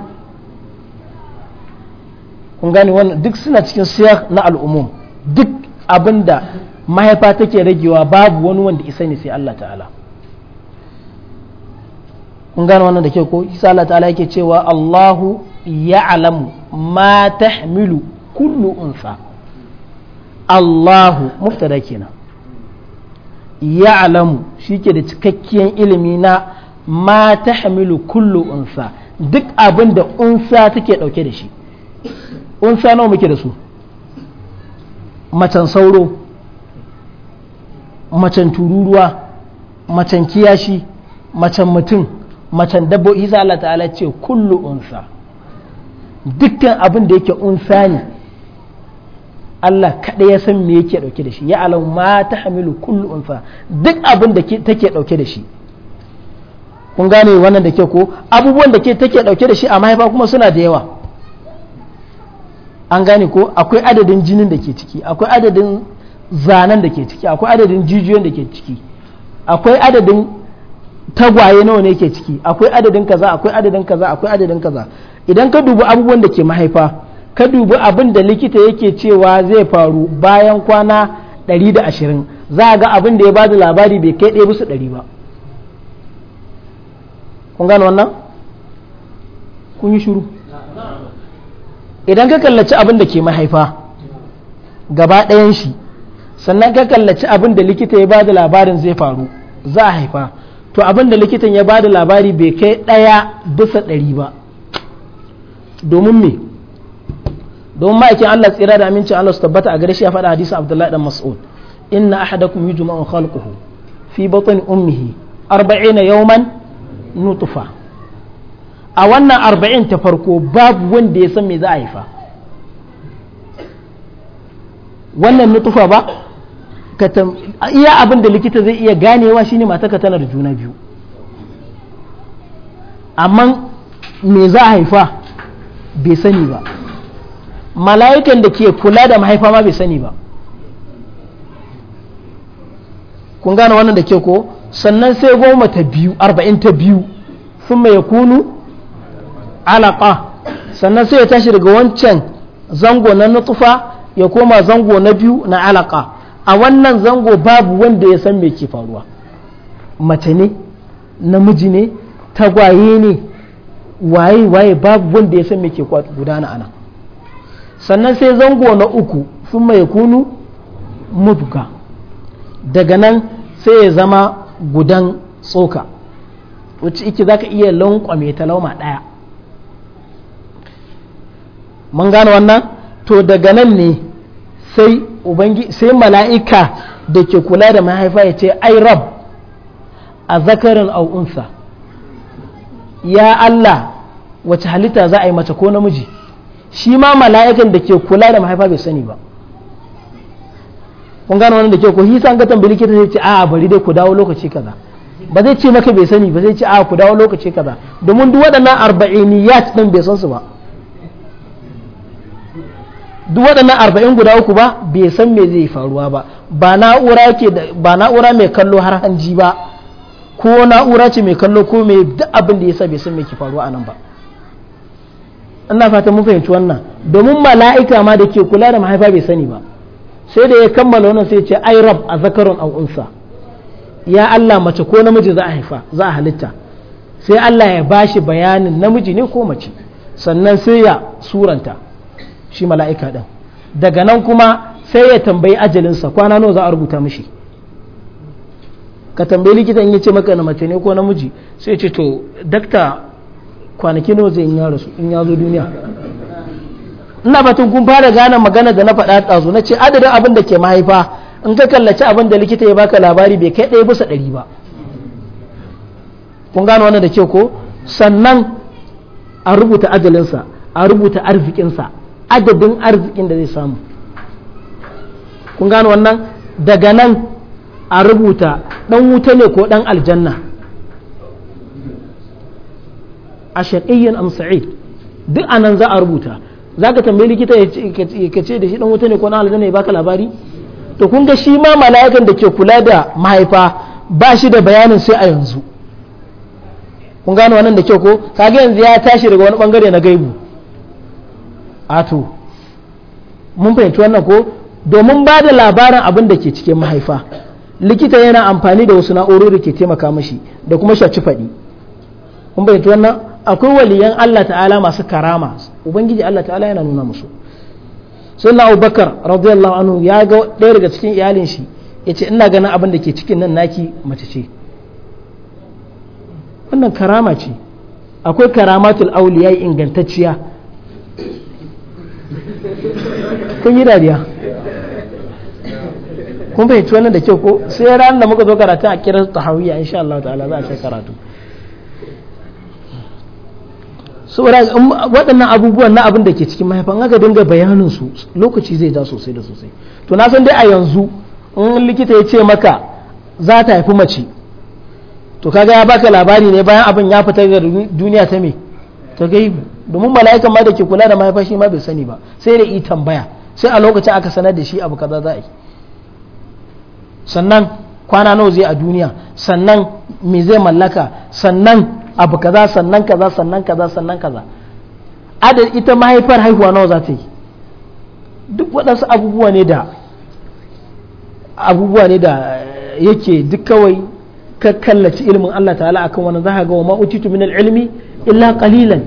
kun gani wannan duk suna cikin siyar na al'umum duk abinda mahaifa take ragewa babu wani wanda isa ne sai Allah ta'ala kun gane da ke ko isa Allah ta'ala yake cewa Allahu ya alamu ma tahmilu kullu unsa Allahu muftada kenan shi ke da cikakkiyar ilimi na ma ta hamilu kullu unsa duk abin da unsa take dauke da shi unsa nawa muke da su macen sauro macen tururuwa macen kiyashi macen mutum macen dabbobi Allah ta'ala ce kullu unsa dukkan abin da yake unsa ne Allah kaɗai ya san me yake ɗauke da shi ya alam ma ta hamilu kullu unfa duk abin da take ɗauke da shi kun gane wannan da ke ko abubuwan da ke take ɗauke da shi a mahaifa kuma suna da yawa an gane ko akwai adadin jinin da ke ciki akwai adadin zanen da ke ciki akwai adadin jijiyoyin da ke ciki akwai adadin tagwaye nawa ne ke ciki akwai adadin kaza akwai adadin kaza akwai adadin kaza idan ka dubi abubuwan da ke mahaifa ka dubi abin da likita yake cewa zai faru bayan kwana 120 za a ga abin da ya bada labari bai kai ɗaya bisa 100 ba kun gano wannan kun yi shuru idan ka kallaci abin da ke mahaifa gaba ɗayan shi sannan ka kallaci abin da likita ya bada labarin zai faru za a haifa to abin da likitan ya bada labari bai kai ɗaya bisa ɗari ba domin me don ma'aikin Allah tsira da amincin Allah su tabbata a gare shi ya faɗa hadisin Abdullahi dan Mas'ud inna ahadakum yujma'u khalquhu fi batni ummihi 40 yawman nutfa a wannan 40 ta farko babu wanda ya san me za a haifa wannan nutfa ba iya abin da likita zai iya ganewa shine ka tana da juna biyu amma me za a haifa bai sani ba mala'ikan da ke kula da mahaifa ma bai sani ba kun gane wannan da ke ko sannan sai goma ta biyu arba'in ta biyu sun mai kunu alaƙa sannan sai ya tashi daga wancan zango na nutsufa ya koma zango na biyu na alaƙa a wannan zango babu wanda ya san me ke faruwa mace ne namiji ne tagwaye ne waye waye babu wanda ya san me ke gudana a nan sannan sai zango na uku sun mai kunu mutuka daga nan sai ya zama gudan tsoka wacce ike za ka iya lankwame ta lauma ɗaya mun gane wannan to daga nan ne sai ubangi mala'ika da ke kula da mahaifa ya ce ai rab a zakarin au'unsa ya Allah wace halitta za a yi mace ko namiji shi ma mala'ikan da ke kula da mahaifa bai sani ba kun gano wannan da ke ko hisa an ga tambayi likita zai ce a'a bari dai ku dawo lokaci kaza ba zai ce maka bai sani ba zai ce a'a ku dawo lokaci kaza domin duk waɗannan arba'iniyat din bai san su ba duk waɗannan arba'in guda uku ba bai san me zai faruwa ba ba na'ura ke ba na'ura mai kallo har hanji ba ko na'ura ce mai kallo ko mai duk abin da yasa bai san me ke faruwa a nan ba ina fatan mun fahimci wannan domin mala'ika ma da ke kula da mahaifa bai sani ba sai da ya kammala wannan sai ya ce ai rab a zakarun au unsa ya Allah mace ko namiji za a haifa za a halitta sai Allah ya bashi bayanin namiji ne ko mace sannan sai ya suranta shi mala'ika din daga nan kuma sai ya tambayi ajalinsa kwana nawa za a rubuta mishi ka tambayi likita in ya ce maka na mace ne ko namiji sai ce to dakta kwanaki nawa zai yi rasu in ya duniya ina batun kun fara gane magana da na faɗa ɗazu na ce adadin abin da ke mahaifa in ka kallaci abin da likita ya baka labari bai kai ɗaya bisa ɗari ba kun gane wannan da ke ko sannan a rubuta ajalinsa a rubuta arzikinsa adadin arzikin da zai samu kun gane wannan daga nan a rubuta ɗan wuta ne ko ɗan aljanna a shaƙiyyan amsa'i sa'id duk anan za a rubuta za ka tambayi likita ya ce da shi dan wuta ne ko na aljanna ya baka labari to kun ga shi ma mala'ikan da ke kula da mahaifa ba shi da bayanin sai a yanzu kun gano wannan da kyau ko ga yanzu ya tashi daga wani bangare na gaibu ato mun fahimci wannan ko domin ba da labarin abin da ke cikin mahaifa likita yana amfani da wasu na'urori ke taimaka mashi da kuma shaci faɗi kun fahimci wannan akwai waliyan Allah ta'ala masu karama ubangiji Allah ta'ala yana nuna musu sunna abubakar radiyallahu anhu ya ga ɗaya daga cikin iyalin shi ya ce ina ganin abin da ke cikin nan naki mace ce wannan karama ce akwai karamatul auliya ingantacciya kun yi dariya kun fahimci wannan da kyau ko sai rana da muka zo karatun a kiran tahawiyya insha Allah ta'ala za a ce karatu saboda waɗannan abubuwan na abin da ke cikin mahaifan aka dinga bayanin su lokaci zai ja sosai da sosai to na san dai a yanzu in likita ya ce maka za ta haifi mace to kaga ya baka labari ne bayan abin ya fita ga duniya ta me ta gaibu domin mala'ikan ma da ke kula da mahaifa shi ma bai sani ba sai da yi tambaya sai a lokacin aka sanar da shi abu kaza za a yi sannan kwana nawa zai a duniya sannan me zai mallaka sannan abu kaza sannan kaza sannan kaza sannan kaza adad ita mahaifar haihuwa nawa za ta yi duk waɗansu abubuwa ne da abubuwa ne da eh, yake duk kawai ka kallaci ilmin Allah ta'ala akan wani za ga wa ma utitu min ilmi illa qalilan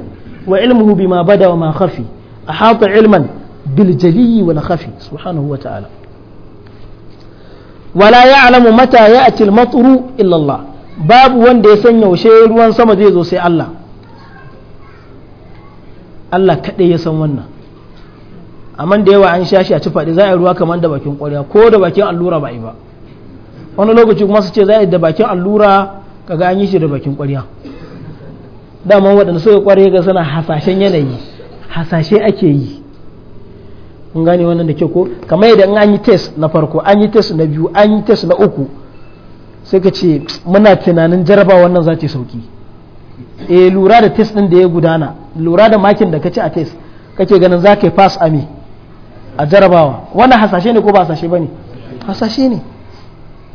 wa ilmuhu bima bada wa ma khafi ahata ilman bil jali wal khafi subhanahu wa ta'ala wala ya'lamu mata ya'ti al matru illa Allah babu wanda ya san yaushe ruwan sama zai zo sai Allah Allah kaɗai ya san wannan amma da yawa an shashi a ci faɗi za a yi ruwa kamar da bakin ƙwarya ko da bakin allura ba yi ba wani lokaci kuma su ce za a yi da bakin allura kaga an yi shi da bakin ƙwarya dama waɗanda suka ƙware ga suna hasashen yanayi hasashe ake yi kun gane wannan da ke ko kamar yadda an yi test na farko an yi test na biyu an yi test na uku sai ka ce muna tunanin jaraba wannan za ta sauki e lura da test din da ya gudana lura da makin da ka ci a test kake ganin za ka yi pass a me a jarabawa wannan hasashe ne ko ba hasashe ba ne hasashe ne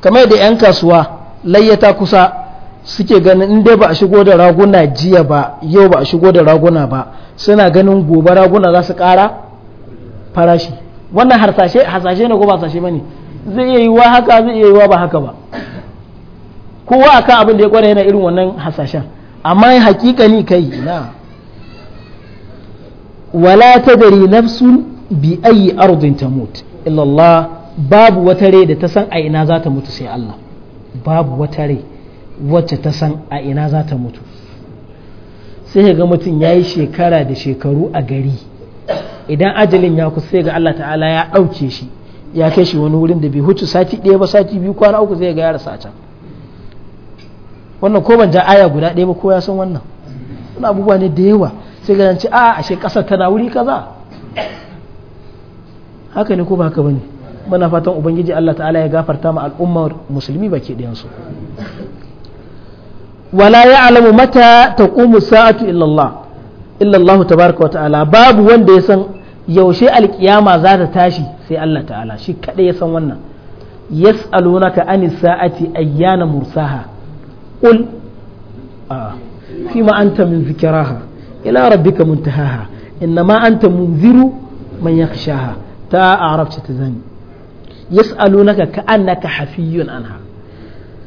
kamar da 'yan kasuwa layyata kusa suke ganin inda ba a shigo da raguna jiya ba yau ba a shigo da raguna ba suna ganin gobe raguna za su kara farashi wannan hasashe ne ko ba hasashe ba ne zai iya wa haka zai iya wa ba haka ba kowa a akan abin da ya kware yana irin wannan hasashen amma hakikani kai na wala ta na nafsun bi ayi ardin ta mutu Allah babu wata rai da ta san a ina za ta mutu sai Allah babu wata rai wacce ta san a ina za ta mutu sai ga mutum ya yi shekara da shekaru a gari idan ajalin ya kusa sai ga Allah ta'ala ya ɗauke shi ya kai shi wani wurin da bai hutu sati ɗaya ba sati biyu kwana uku zai ga ya rasa can wannan ko ban ja aya guda ɗaya ba ko ya san wannan suna abubuwa ne da yawa sai ga ce a ah, ashe ƙasar tana wuri kaza haka ne ko ba haka bane muna fatan ubangiji Allah ta'ala ya gafarta ma al'ummar musulmi baki ɗayan su wala ya'lamu mata taqumu sa'atu illa Allah illa Allah tabaraka wa ta'ala babu wanda ya san yaushe alkiyama za ta tashi sai Allah ta'ala shi kadai ya san wannan yas'alunaka anis sa'ati ayyana mursaha qul فيما أنت من ذكراها إلى ربك منتهاها إنما أنت منذر من يخشاها تا أعرف تزني يسألونك كأنك حفي عنها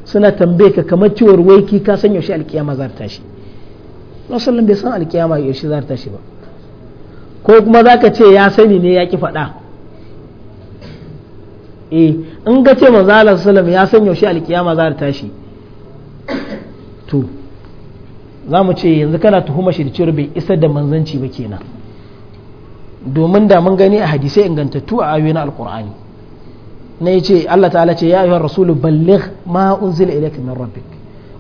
سنة تنبيك كما تور ويكي كاسن يوشي الكيامة زارتاشي تاشي رسول الله بيسان الكيامة يوشي زارتاشي تاشي با ko kuma za ka ce ya sani ne ya ki faɗa eh in ga ce manzo Allah sallallahu alaihi wasallam ya san yaushe alkiyama za ta tashi to za mu ce yanzu kana tuhuma shi da cewar bai isa da manzanci ba kenan domin da mun gani a hadisai ingantattu a ayoyin alkur'ani na ce Allah ta'ala ce ya ayyuhar rasulu balligh ma unzila ilayka min rabbik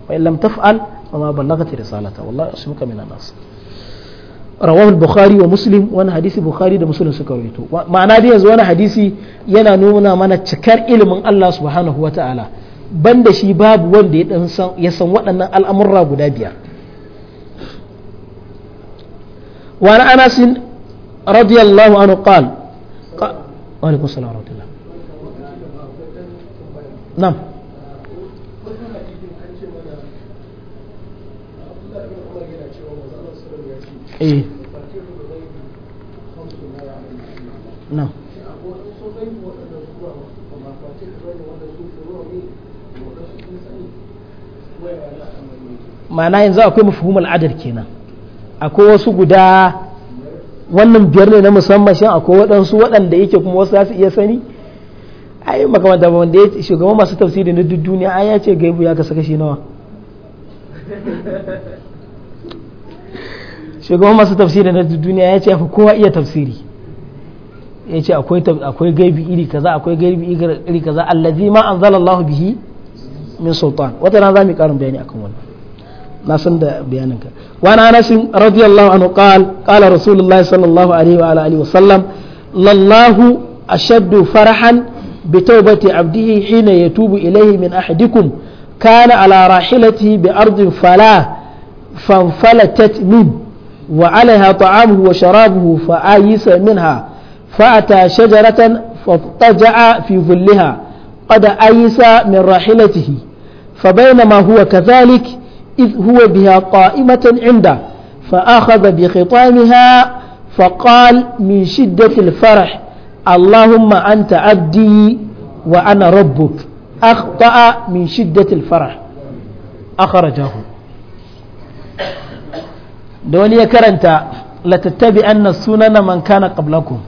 wa in lam taf'al fa ma ballaghta risalata wallahi asmuka min nas rawahu al-bukhari wa muslim wani hadisi bukhari da muslim suka rawaito ma'ana dai yanzu wani hadisi yana nuna mana cikar ilimin Allah subhanahu wa ta'ala banda shi babu wanda ya san waɗannan al'amurra guda biyar wa ana anasin radiyallahu anhu qal alaikum salam rahmatullah nam eh no ma'ana yanzu akwai mafuhumar adar kenan akwai wasu guda wannan biyar ne na musamman shan akwai waɗansu waɗanda yake kuma wasu za su iya sani ai makamanta ba wanda ya shugaban masu tafsiri na duk duniya ai ya ce gaibu ya kasa kashi nawa shugaban masu tafsiri na duk duniya ya ce fi kowa iya tafsiri ya ce akwai gaibi iri kaza akwai gaibi iri kaza allazi ma anzalallahu bihi min sultan wata ran za mu yi karin bayani akan wannan نصن بيانك وانا انس رضي الله عنه قال قال رسول الله صلى الله عليه وعلى اله وسلم لله اشد فرحا بتوبة عبده حين يتوب إليه من أحدكم كان على راحلته بأرض فلا فانفلتت من وعليها طعامه وشرابه فآيس منها فأتى شجرة فاضطجع في ظلها قد أيس من راحلته فبينما هو كذلك إذ هو بها قائمة عنده فأخذ بخطامها فقال من شدة الفرح اللهم أنت عبدي وأنا ربك أخطأ من شدة الفرح أخرجه دون كرنت لتتبعن السنن من كان قبلكم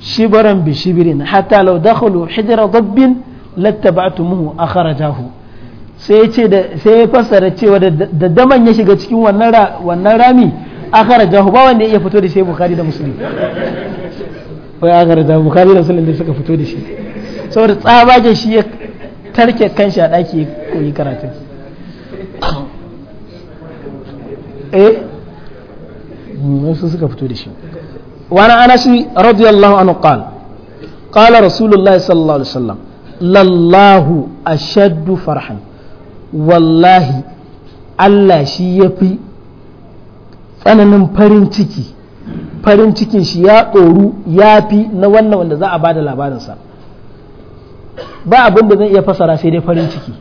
شبرا بشبر حتى لو دخلوا حجر ضب لاتبعتموه أخرجه sai ce da sai ya fassara cewa da daman ya shiga cikin wannan rami akhara jahu ba wanda ya fito da shi bukhari da musulmi wai akhara jahu bukhari da muslim da suka fito da shi saboda tsabagen shi ya tarke kan shi a daki koyi karatu eh hmm, wasu suka fito da shi wani anashi radiyallahu anhu qala qala rasulullahi sallallahu alaihi wasallam lallahu ashaddu farhan wallahi Allah shi ya fi tsananin farin ciki farin cikin shi ya ƙoru ya fi na wannan wanda za a ba da labarinsa ba abin da zan iya fasara sai dai farin ciki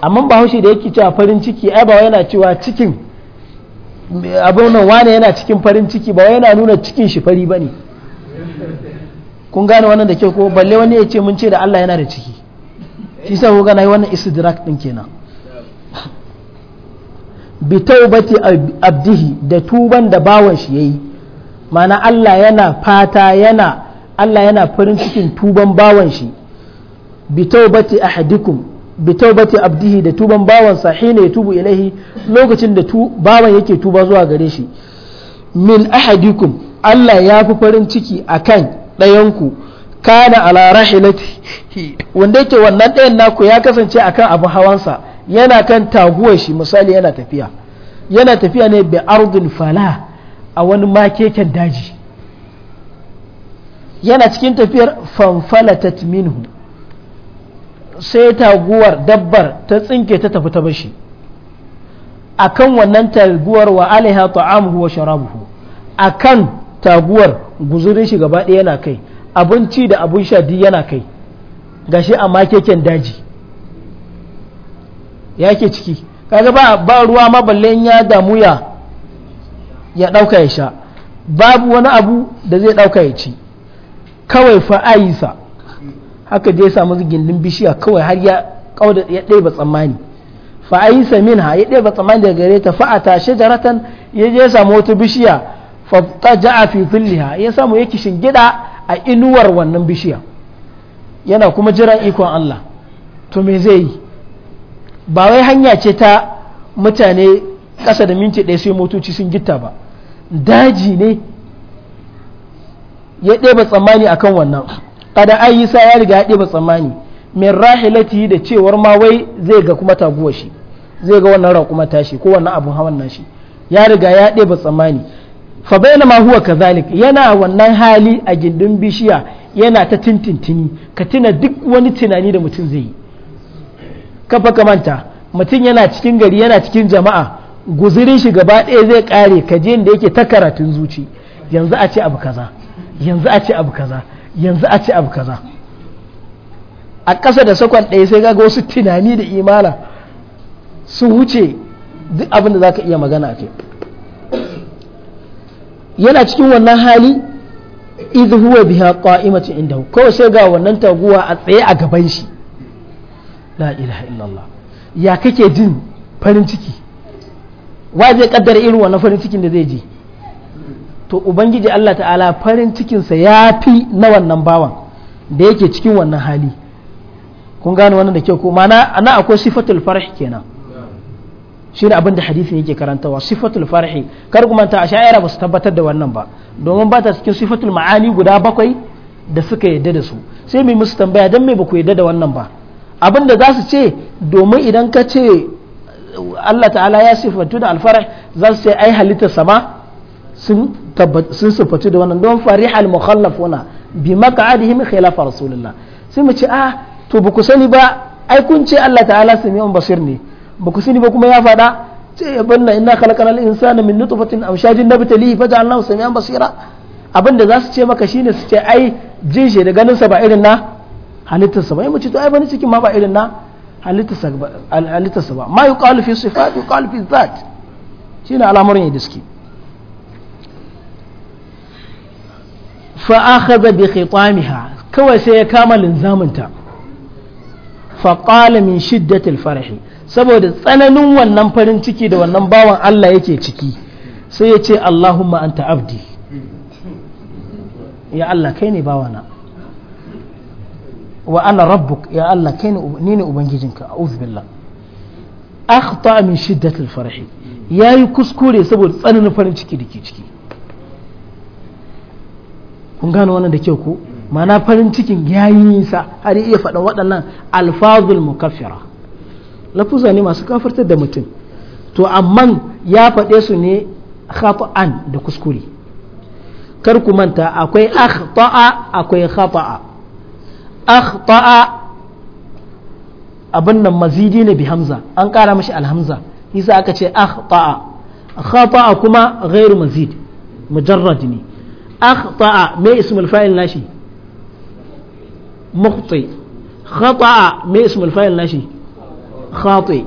amma ba haushe da yake cewa farin ciki ai ba yana cewa cikin abin nan wane yana cikin farin ciki ba yana nuna cikin shi fari ba ne kun gane wannan da ke ko balle wani ya ce mun ce da Allah yana da ciki shi sa ko gana wannan istidrak din kenan bi taubati abdihi da tuban da bawan shi yayi mana Allah yana fata yana Allah yana farin cikin tuban bawan shi bi taubati ahadikum bi abdihi da tuban bawan sa ya tubu ilahi lokacin da tu bawan yake tuba zuwa gare shi min ahadikum Allah ya fi farin ciki akan ɗayanku kana ala rahilati wanda yake wannan ɗayan naku ya kasance akan abu hawansa yana kan taguwar shi misali yana tafiya yana tafiya ne bai ardul fala a wani makeken daji yana cikin tafiyar fanfalatat minhu sai taguwar dabbar ta tsinke ta tafi ta bashi akan wannan taguwar wa alaiha ta'amuhu wa sharabuhu akan taguwar guzurin shi gaba ɗaya yana kai abinci da abun sha duk yana kai gashi a makeken daji ya ke ciki kaga ba ba ruwa ma balle ya damu ya ya dauka ya sha babu wani abu da zai dauka ya ci kawai fa ayisa haka dai samu gindin bishiya kawai har ya kauda ya ba tsammani fa ayisa minha ya ɗeba tsammani daga gare ta fa tashe shajaratan ya je samu wata bishiya fa taja'a fi dhilliha ya samu yake shingida a inuwar wannan bishiya yana kuma jiran ikon Allah to me zai yi ba wai hanya ce ta mutane ƙasa da minti ɗaya sai motoci sun gita ba daji ne ya ɗeba tsammani akan wannan kada ayyisa ya riga ya ɗeba tsammani min rahilati da cewar ma wai zai ga kuma taguwa shi zai ga wannan raƙuma tashi ko wannan abun hawan nashi ya riga ya ɗeba tsammani fa ma huwa kazalik yana wannan hali a gindin bishiya yana ta tintintini ka tuna duk wani tunani da mutum zai yi kafa ka manta mutum yana cikin gari yana cikin jama'a guzurin shi gaba ɗaya zai ƙare ka je da yake ta karatun zuci yanzu a ce abu kaza yanzu a ce abu kaza yanzu a ce abu kaza a ƙasa da sakon ɗaya sai ga wasu tunani da imana su wuce duk abin da za ka iya magana a yana cikin wannan hali idhuwa huwa biha qa'imatun indahu kawai sai ga wannan taguwa a tsaye a gaban shi la ilaha illallah ya kake jin farin ciki wa zai kaddara irin wannan farin cikin da zai ji to ubangiji Allah ta'ala farin cikinsa ya fi na wannan bawan da yake cikin wannan hali kun gane wannan da kyau ko mana ana akwai sifatul farh kenan shi ne abin da hadisin yake karantawa sifatul farhi kar kuma ta sha'ira ba su tabbatar da wannan ba domin ba ta cikin sifatul ma'ani guda bakwai da suka yadda da su sai mai musu tambaya dan me ba ku yadda da wannan ba abin da za su ce domin idan ka ce Allah ta'ala ya sifantu da alfarah za su ce ai halittar sama sun siffatu da wannan don fari al mukhallafuna bi maq'adihim khilafa rasulullah sai mu ce a ah, to ba ku sani ba ai kun ce Allah ta'ala sami'un basir ne ba ku sani ba kuma ya faɗa ce banna inna khalaqana al insana min nutfatin amshajin nabtalihi faj'alnahu sami'an basira abin da za su ce maka shine su ce ai jin shi da ganin sa ba irin na halittarsa ba mu ce to ai bani cikin ma ba irin na halittarsa ba ma yuqalu fi sifat yuqalu fi dhat ne al'amarin yadda suke fa akhadha bi khitamiha kawai sai ya kama linzaminta fa qala min shiddati al-farahi saboda tsananin wannan farin ciki da wannan bawan Allah yake ciki sai ya ce Allahumma anta abdi ya Allah kai ne bawana wa ana rabbuk ya Allah kai ne ne ubangijinka a'udhu billah akhta min al farahi yayi kuskure saboda tsananin farin ciki da ke ciki kun gano wannan da kyau ko mana farin cikin yayi nisa har iya faɗa waɗannan alfazul mukaffira lafuza ne masu kafartar da mutum to amma ya faɗe su ne khata'an da kuskure kar ku manta akwai akhta'a akwai khata'a akhta'a abin nan mazidi ne bi hamza an kara mashi alhamza yasa aka ce akhta'a khata'a kuma ghairu mazid mujarrad ne akhta'a me ismul fa'il nashi mukhti khata'a me ismul fa'il nashi khati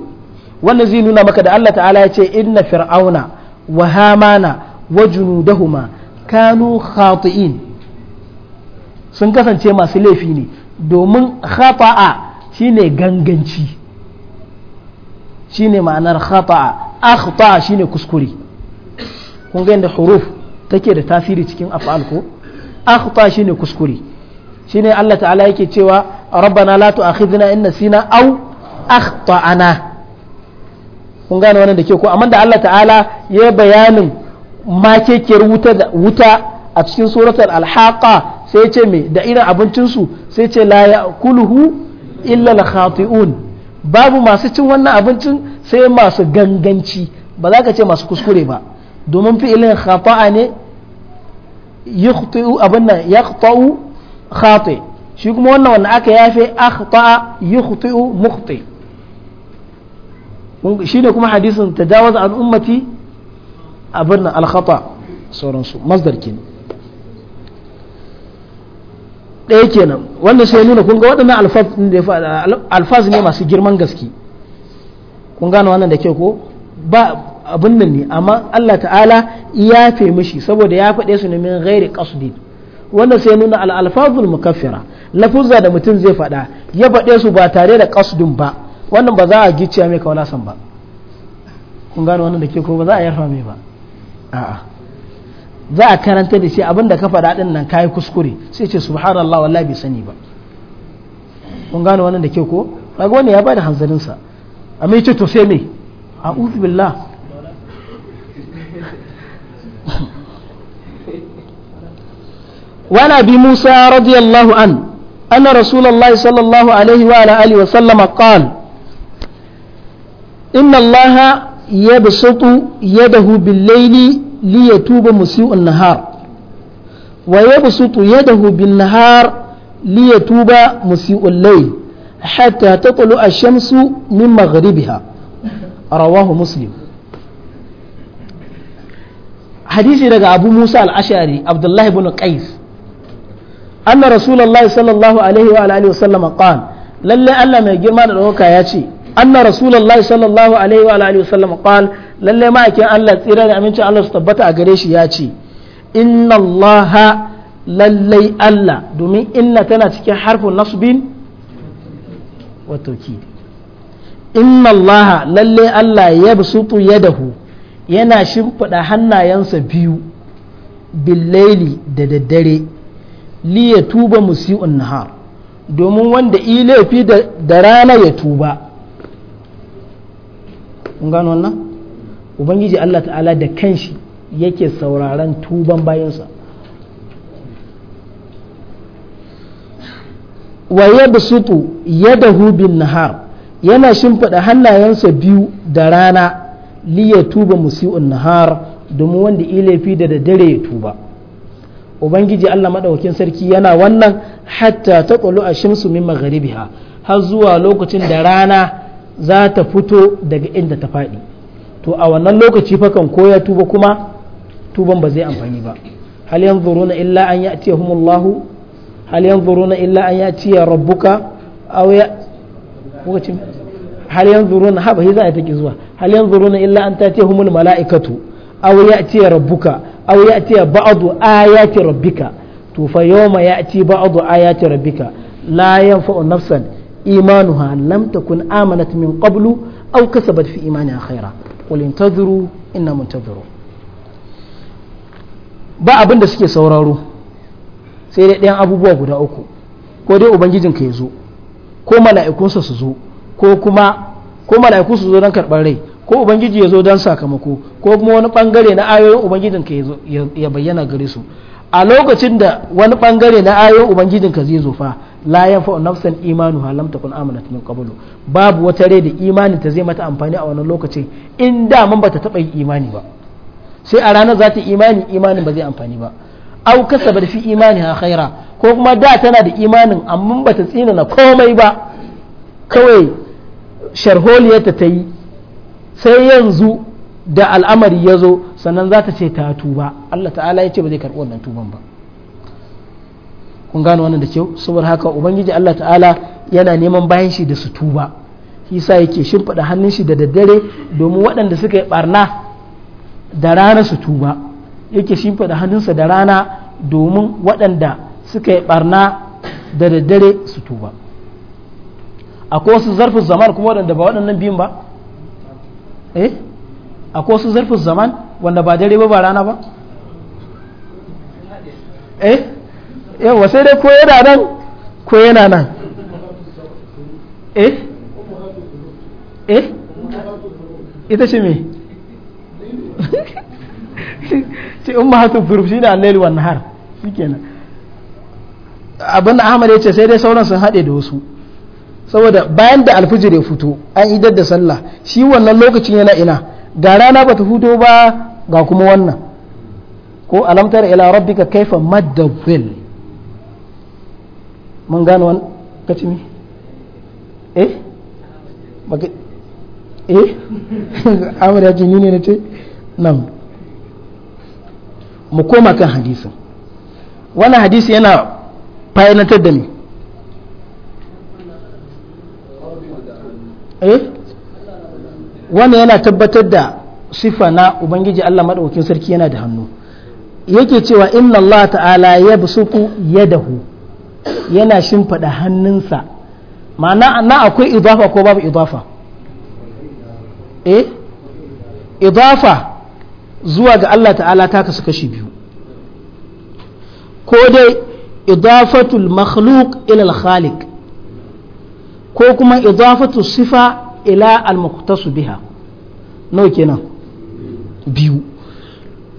wannan zai nuna maka da Allah ta'ala ya ce inna fir'auna wa hamana wa junudahuma kanu khati'in sun kasance masu laifi ne domin khata'a shine ganganci shine ma'anar khata'a akhta shine kuskure kun ga yadda huruf take da tasiri cikin af'al ko akhta shine kuskure shine Allah ta'ala yake cewa rabbana la tu'akhidhna in nasina aw akhta'ana kun gane wannan da ke ko amma da Allah ta'ala ya bayanin ma ke wuta a cikin suratul alhaqa sai ce me da irin abincinsu sai ce la ya kuluhu illa la khati'un babu masu cin wannan abincin sai masu ganganci ba za ka ce masu kuskure ba domin fi'ilin khata'a ne yukhti'u abin nan yaqta'u khati shi kuma wannan wanda aka yafe akhta'a yukhti'u mukhti shine kuma hadisin tajawaz an ummati abin nan al khata sauransu masdar kenan ɗaya kenan wanda sai nuna kunga waɗannan alfaz ne masu girman gaske kun gane wannan da ke ko ba abin nan ne amma Allah ta'ala ya fe mishi saboda ya faɗe su ne min ghairi qasdi wanda sai nuna al-alfazul mukaffira lafuzza da mutum zai faɗa ya faɗe su ba tare da qasdin ba wannan ba za a gicciya mai san ba kun gane wannan da ke ko ba za a yarfa mai ba a'a za a karanta da shi abinda ka faɗa ɗin nan kayi kuskure sai ce subhanallah wallahi bai sani ba kun gane wannan da ke ko kaga wannan ya bada hanzarin sa amma yace to sai me a'udhu billah وعن ابي موسى رضي الله عنه ان رسول الله صلى الله عليه وعلى اله وسلم قال ان الله يبسط يده li yatuba musii'un nahar wa yabsutu yadahu bin nahar li yatuba musii'ul layl hatta tatlu ash-shamsu min rawahu muslim hadisi daga abu musa al-ash'ari abdullah ibn qais anna rasulullahi sallallahu alaihi wa alihi wa sallam qala lalle Allah mai girma da dauka ya ce anna rasulullahi sallallahu alaihi wa alihi wasallam qal lalle ma'aikin Allah tsira da amincin Allah su tabbata a gare shi ya ce inna Allah lallai Allah domin tana cikin harfin nasbin wa Allah lalle Allah ya basutu yadahu yana shimfiɗa hannayensa biyu billaili da daddare li ya tuba musi'un nahar domin wanda i laifi da rana ya tuba kun gano wannan ubangiji Allah ta'ala da kanshi yake sauraron tuban bayansa wa yabsutu yadahu bin nahar yana shimfiɗa hannayensa biyu da rana liya tuba musi'un nahar domin wanda ilafi da dare ya tuba ubangiji Allah maɗaukin sarki yana wannan hatta ta a shamsu min magharibiha har zuwa lokacin da rana za ta fito daga inda ta faɗi to a wannan lokaci fakan ko ya tuba kuma tuban ba zai amfani ba hal yanzuruna illa an ya ya'tiyahumullahu hal yanzuruna illa an ya'tiya rabbuka aw ya lokacin hal yanzuruna haba hiza ya take zuwa hal yanzuruna illa an tatiyahumul mala'ikatu aw ya'tiya rabbuka aw ya'tiya ba'du ayati rabbika to fa yawma ya'ti ba'du ayati rabbika la yanfa'u nafsan إيمانها لم تكن آمنت من قبل أو كسبت في إيمانها خيرا قل انتظروا إنا منتظرون ba abin da suke sauraro sai dai ɗayan abubuwa guda uku ko dai ka ya zo ko mala'ikunsa su zo ko kuma ko mala'iku su zo don karɓar rai ko ubangiji ya zo don sakamako ko kuma wani bangare na ayoyin ka ya bayyana gare su a lokacin da wani bangare na ayoyin ka zai zo fa la yanfa nafsan imanu lam takun amanat min qablu babu wata rai da imani ta zai mata amfani a wannan lokacin in da man bata taba yi imani ba sai a ranar zata ta imani imanin ba zai amfani ba au kasaba fi imani ha khaira ko kuma da tana da imanin amma bata tsina na komai ba kawai sharholiyarta ta yi sai yanzu da al'amari ya zo sannan zata ce ta tuba Allah ta'ala ya ce ba zai karɓi wannan tuban ba kun gane wannan da kyau saboda haka ubangiji Allah ta'ala yana neman bayan shi da su tuba shi sa yake shimfiɗa hannun shi da daddare domin waɗanda suka yi barna da rana su tuba yake shimfiɗa hannunsa da rana domin waɗanda suka yi barna da daddare su tuba akwai wasu zarfin zaman kuma waɗanda ba waɗannan biyun ba eh akwai wasu zarfin zaman wanda ba dare ba ba rana ba eh yawa sai dai ko yana nan ko yana nan eh eh ita ce me ce umma hatu furuf shi da alayli wannan har shi kenan abin da ahmad ya ce sai dai sauran sun haɗe da wasu saboda bayan da alfijir ya fito an idar da sallah shi wannan lokacin yana ina ga rana bata fito ba ga kuma wannan ko alamtar ila rabbika kaifa madda dhil mun gano wani kaci ne eh baka eh amur ya ce ni ne na ce nan mu koma kan hadisin wani hadisi yana fayyantar da ni eh wani yana tabbatar da sifa na ubangiji Allah maɗaukin sarki yana da hannu yake cewa inna Allah ta'ala ya busuku yadahu yana shimfiɗa hannunsa ma'ana na akwai idafa ko babu idafa eh idafa zuwa ga Allah ta'ala ta kasu kashi biyu ko dai idafatul makhluk ila khaliq ko kuma idafatul sifa ila al biha nawa kenan biyu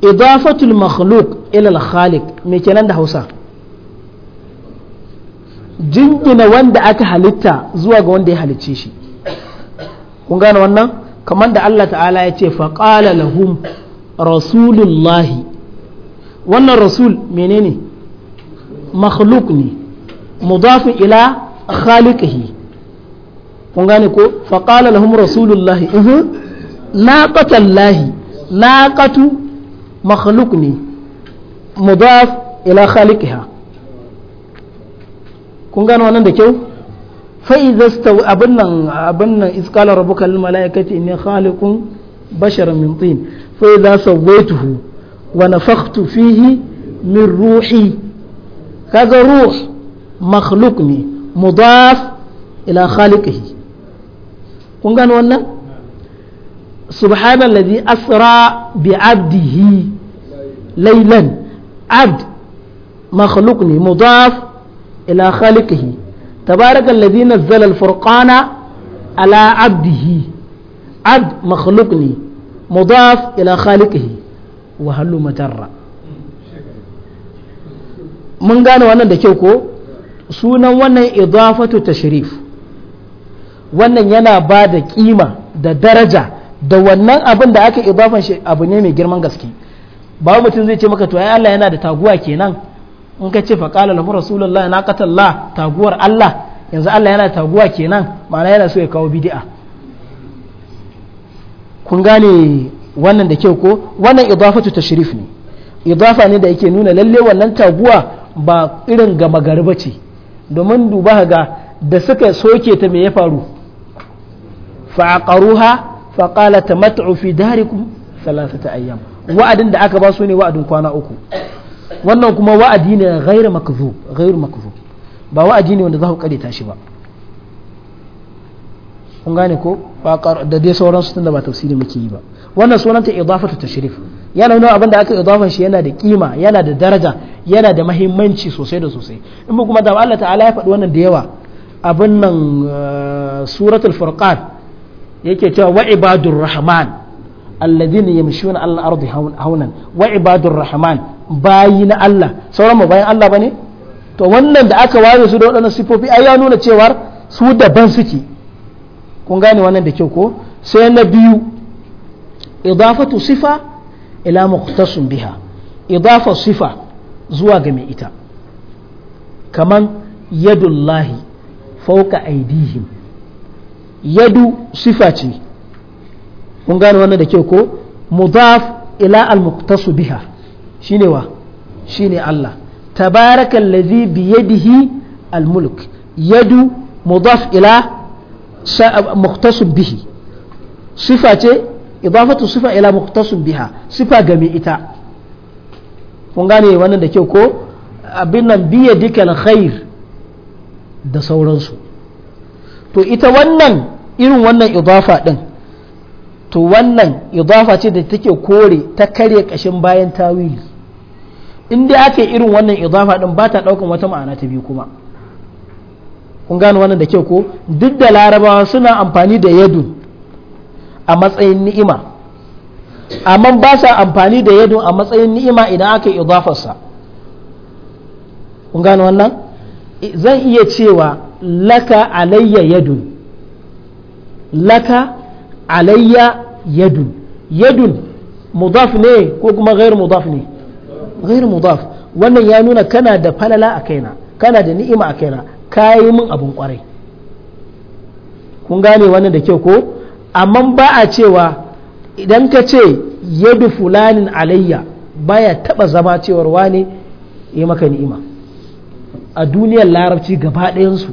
idafatul makhluk ila al-khaliq me kenan da Hausa jingina wanda aka halitta zuwa ga wanda ya halicce shi kun gane wannan kamar da Allah ta'ala ya ce faƙala lahum rasulullahi wannan rasul menene makhluk ne mudafin ila khaliqihi kun gane ko faƙala lahum rasulullahi ihu naqatallahi naqatu makhluk ne mudaf ila khaliqiha kun gano wannan da kyau fa'iza stawi abin nan abin nan iskala rabbuka lil malaikati inni khaliqun basharan min wa fihi min ruhi kaga ruh ne mudaf ila khaliqihi kun gano wannan asra bi abdihi laylan abd makhluq ne mudaf ila khaliqihi tabaraka alladhi nazzala al-furqana ala abdihi abd makhluqni ne mudaf ila khaliqihi wa halu matarra mun gane wannan da kyau ko sunan wannan idafatu tashrif wannan yana ba da kima da daraja da wannan abin da aka idafan shi abu ne mai girman gaske ba mutum zai ce maka to ai Allah yana da taguwa kenan in ka ce faƙala lahu rasulullah na katalla taguwar Allah yanzu Allah yana taguwa kenan ma'ana yana so ya kawo bidi'a kun gane wannan da kyau ko wannan idafatu shirif ne idafa ne da yake nuna lalle wannan taguwa ba irin gama gari ba ce domin duba ga da suka soke ta mai ya faru faƙala ta da fi darikum thalathata ayyam wa'adin da aka ba su ne wa'adin kwana uku wannan kuma wa'adi ne ghairu makzub ghairu makzub ba wa'adi ne wanda za ku ta shi ba kun gane ko ba da dai sauran su tunda ba tafsiri muke yi ba wannan sunanta idafatu tashrif yana nuna abin da aka idafan shi yana da kima yana da daraja yana da mahimmanci sosai da sosai in ba kuma da Allah ta'ala ya faɗi wannan da yawa abin nan eh, suratul furqan yake cewa wa ibadur rahman alladhina yamshuna al ardi hawnan wa ibadur rahman bayi na Allah sauran mu bayan Allah bane to wannan da aka ware su da waɗannan sifofi ai ya nuna cewar su daban suke kun gane wannan da kyau ko sai na biyu idafatu sifa ila muqtasun biha idafa sifa zuwa ga mai ita kaman yadullahi fauka aidihim yadu sifa ce kun gane wannan da kyau ko mudaf ila al biha shine wa shine Allah tabarakal ladhi bi yadihi al mulk yadu mudaf ila muktasib bihi sifa ce idafatu sifa ila muktasib biha sifa game ita kun gane wannan da kyau ko abin nan biya dikal khair da sauransu to ita wannan irin wannan idafa din to wannan idafa ce da take kore ta karya kashin bayan tawili in dai aka irin wannan idafa din ba ta daukan wata ma'ana ta biyu kuma kun gano wannan da kyau ko duk da larabawa suna amfani da yadu a matsayin ni'ima amma ba sa amfani da yadu a matsayin ni'ima idan aka yi idafarsa kun gano wannan zan iya cewa laka alayya yadu laka alayya yadu yadun mudaf ne ko kuma gairu mudaf ne غير مضاف wannan ya nuna kana da falala a kaina kana da ni'ima a kaina ka yi min abun kwarai kun gane wannan da kyau ko amma ba a cewa idan ka ce yadu fulanin alayya baya taba zama cewar wane yi maka ni'ima a duniyar larabci gaba ɗayansu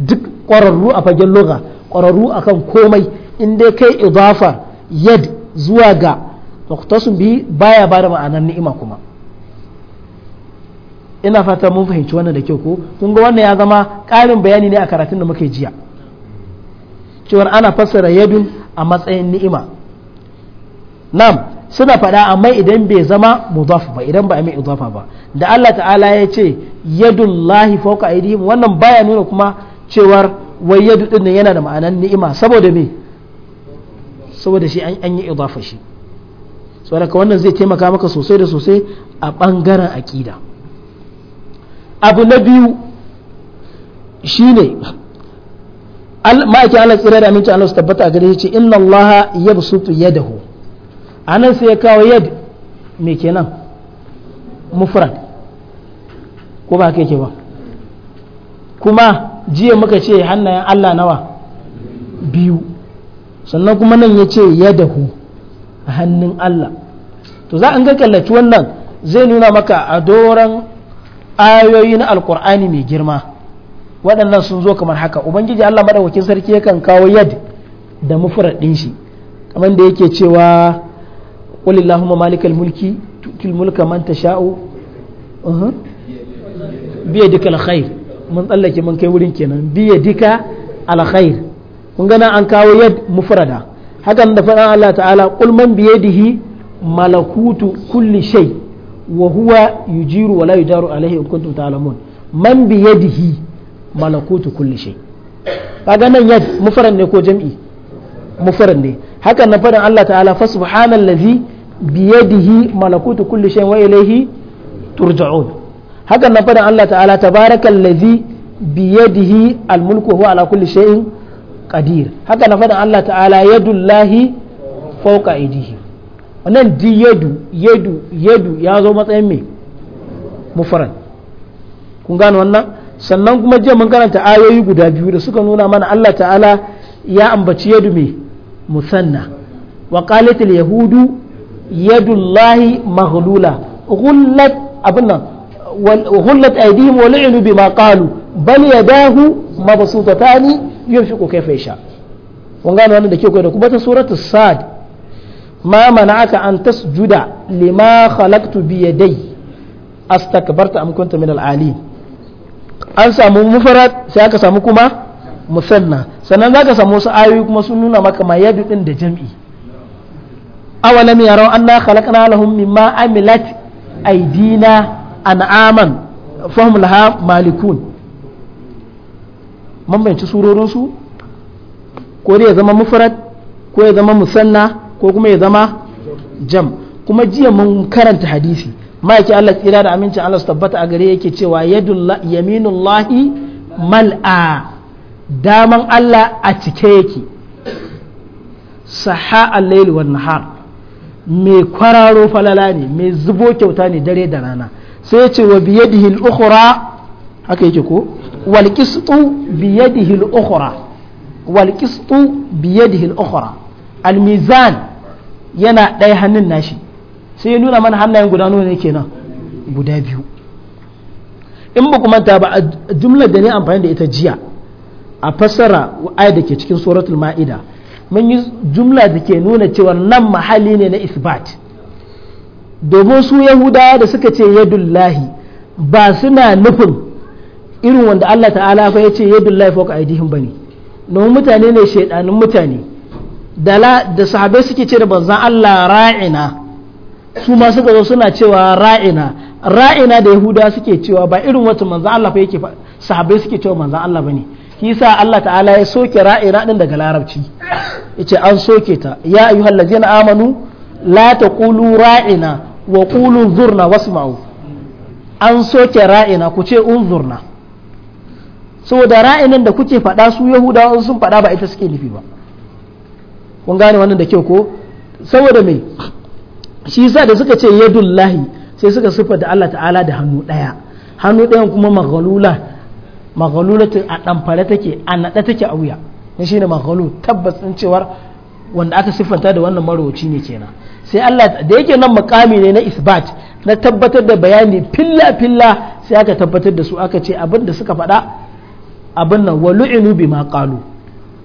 duk ƙwararru a fagen loga ƙwararru kan komai in dai kai idafa yad zuwa ga muktasun bi baya ba da ma'anar ni'ima kuma ina fata mun fahimci wannan da kyau ko kun ga wannan ya zama ƙarin bayani ne a karatun da muke jiya cewar ana fassara yadun a matsayin ni'ima nam suna faɗa amma idan bai zama mudaf ba idan ba a mai idafa ba da Allah ta'ala ya ce yadun lahi fawqa aydihim wannan baya nuna kuma cewar wai yadu din nan yana da ma'anar ni'ima saboda me saboda shi an yi idafa shi saboda ka wannan zai taimaka maka sosai da sosai a bangaren aƙida abu na biyu shine ma'aikin Allah tsira da aminci Allah su tabbata a gare shi ce inna Allah ya dahu a nan sai ya kawo yad me kenan mufran, ko ba ka yake ba kuma jiya muka ce hannayen Allah nawa biyu sannan kuma nan ya ce dahu a hannun Allah to za an ga kallaci wannan zai nuna maka a doron ayoyi na alkur'ani mai girma waɗannan sun zo kamar haka ubangiji Allah maɗaukakin sarki yakan kawo yad da mufrad shi kamar da yake cewa qul allahumma malikal mulki tukil mulka man biya duka alkhair mun tsallake mun kai wurin kenan biyadika alkhair kun gana an kawo yad mufrada hakan da faɗan Allah ta'ala ƙulman man biyadihi malakutu kulli shai. wa huwa yujiru wa la yujaru alaihi in kuntum ta'lamun man bi malakutu kulli kaga nan yad mufrad ne ko jam'i mufrad ne hakan na faɗin Allah ta'ala fa subhanallazi bi yadihi malakutu kulli shay wa ilayhi turja'un hakan na faɗin Allah ta'ala ladhi bi yadihi mulku huwa ala kulli shay'in qadir haka na faɗin Allah ta'ala yadullahi fawqa aydihi nan di yadu yadu yadu ya zo matsayin mai mufrad kun gano wannan sannan kuma jiya mun karanta ayoyi guda biyu da suka nuna mana Allah ta'ala ya ambaci yadu mai musanna wa qalatil yahudu yadullahi maghlula ghullat abin nan ghullat aydihim wa lu'inu bima qalu bal yadahu mabsutatani yunfiqu kayfa yasha kun gano wannan da ke koyar da kuma ta suratul sad mamana aka an tasjuda lima khalaqtu bi yadai astakbarta am kunta min al an samu mufrad sai aka samu kuma musanna sannan zaka samu wasu ayoyi kuma sun nuna maka ma yadu da jam'i awalam yaraw anna khalaqna lahum mimma amilat aydina an'aman fahum laha malikun mun bayanci surorin su ko ya zama mufrad ko ya zama musanna ko kuma ya zama jam kuma jiya mun karanta hadisi ma'aikin Allah tsira da amincin Allah su tabbata a gare yake cewa lahi mal'a daman Allah a cike yake saha al-laili nahar mai kwararo falala ne mai zubo kyauta ne dare da rana sai ce wa biyadihi al-ukhra haka yake ko wal qistu biyadihi al-ukhra wal qistu biyadihi al-ukhra al-mizan yana ɗaya hannun nashi sai ya nuna mana hannayen guda nuna ne kenan guda biyu in ba manta ba a jumla da ne amfani da ita jiya a fassara ayat da ke cikin suratul ma'ida mun yi jumla da ke nuna cewa nan mahalli ne na isbat domin su yahudawa da suka ce yadullahi ba suna nufin irin wanda Allah ta'ala ya ce yadullahi fawqa aydihim bane domin mutane ne shaidanin mutane da sahabai suke ce da banzan Allah ra'ina su masu gazo suna cewa ra'ina ra'ina da yahuda suke cewa ba irin wata manzan Allah fa yake sahabai suke cewa manzan Allah bane kisa Allah ta'ala ya soke ra'ina din daga larabci yace an soke ta ya ayyuhallazina amanu la taqulu ra'ina wa qulu zurna wasma'u an soke ra'ina ku ce unzurna saboda ra'inan da kuke faɗa su yahudawa sun faɗa ba ita suke nufi ba kun gane wannan da kyau ko saboda me shi yasa da suka ce yadullahi sai suka sifa da Allah ta'ala da hannu daya hannu dayan kuma maghalula maghalulatin a damfare take a nada take a wuya ne shine maghalul tabbas din cewar wanda aka siffanta da wannan marowaci ne kenan sai Allah da yake nan makami ne na isbat na tabbatar da bayani filla filla sai aka tabbatar da su aka ce abin da suka faɗa abin nan walu'inu bima qalu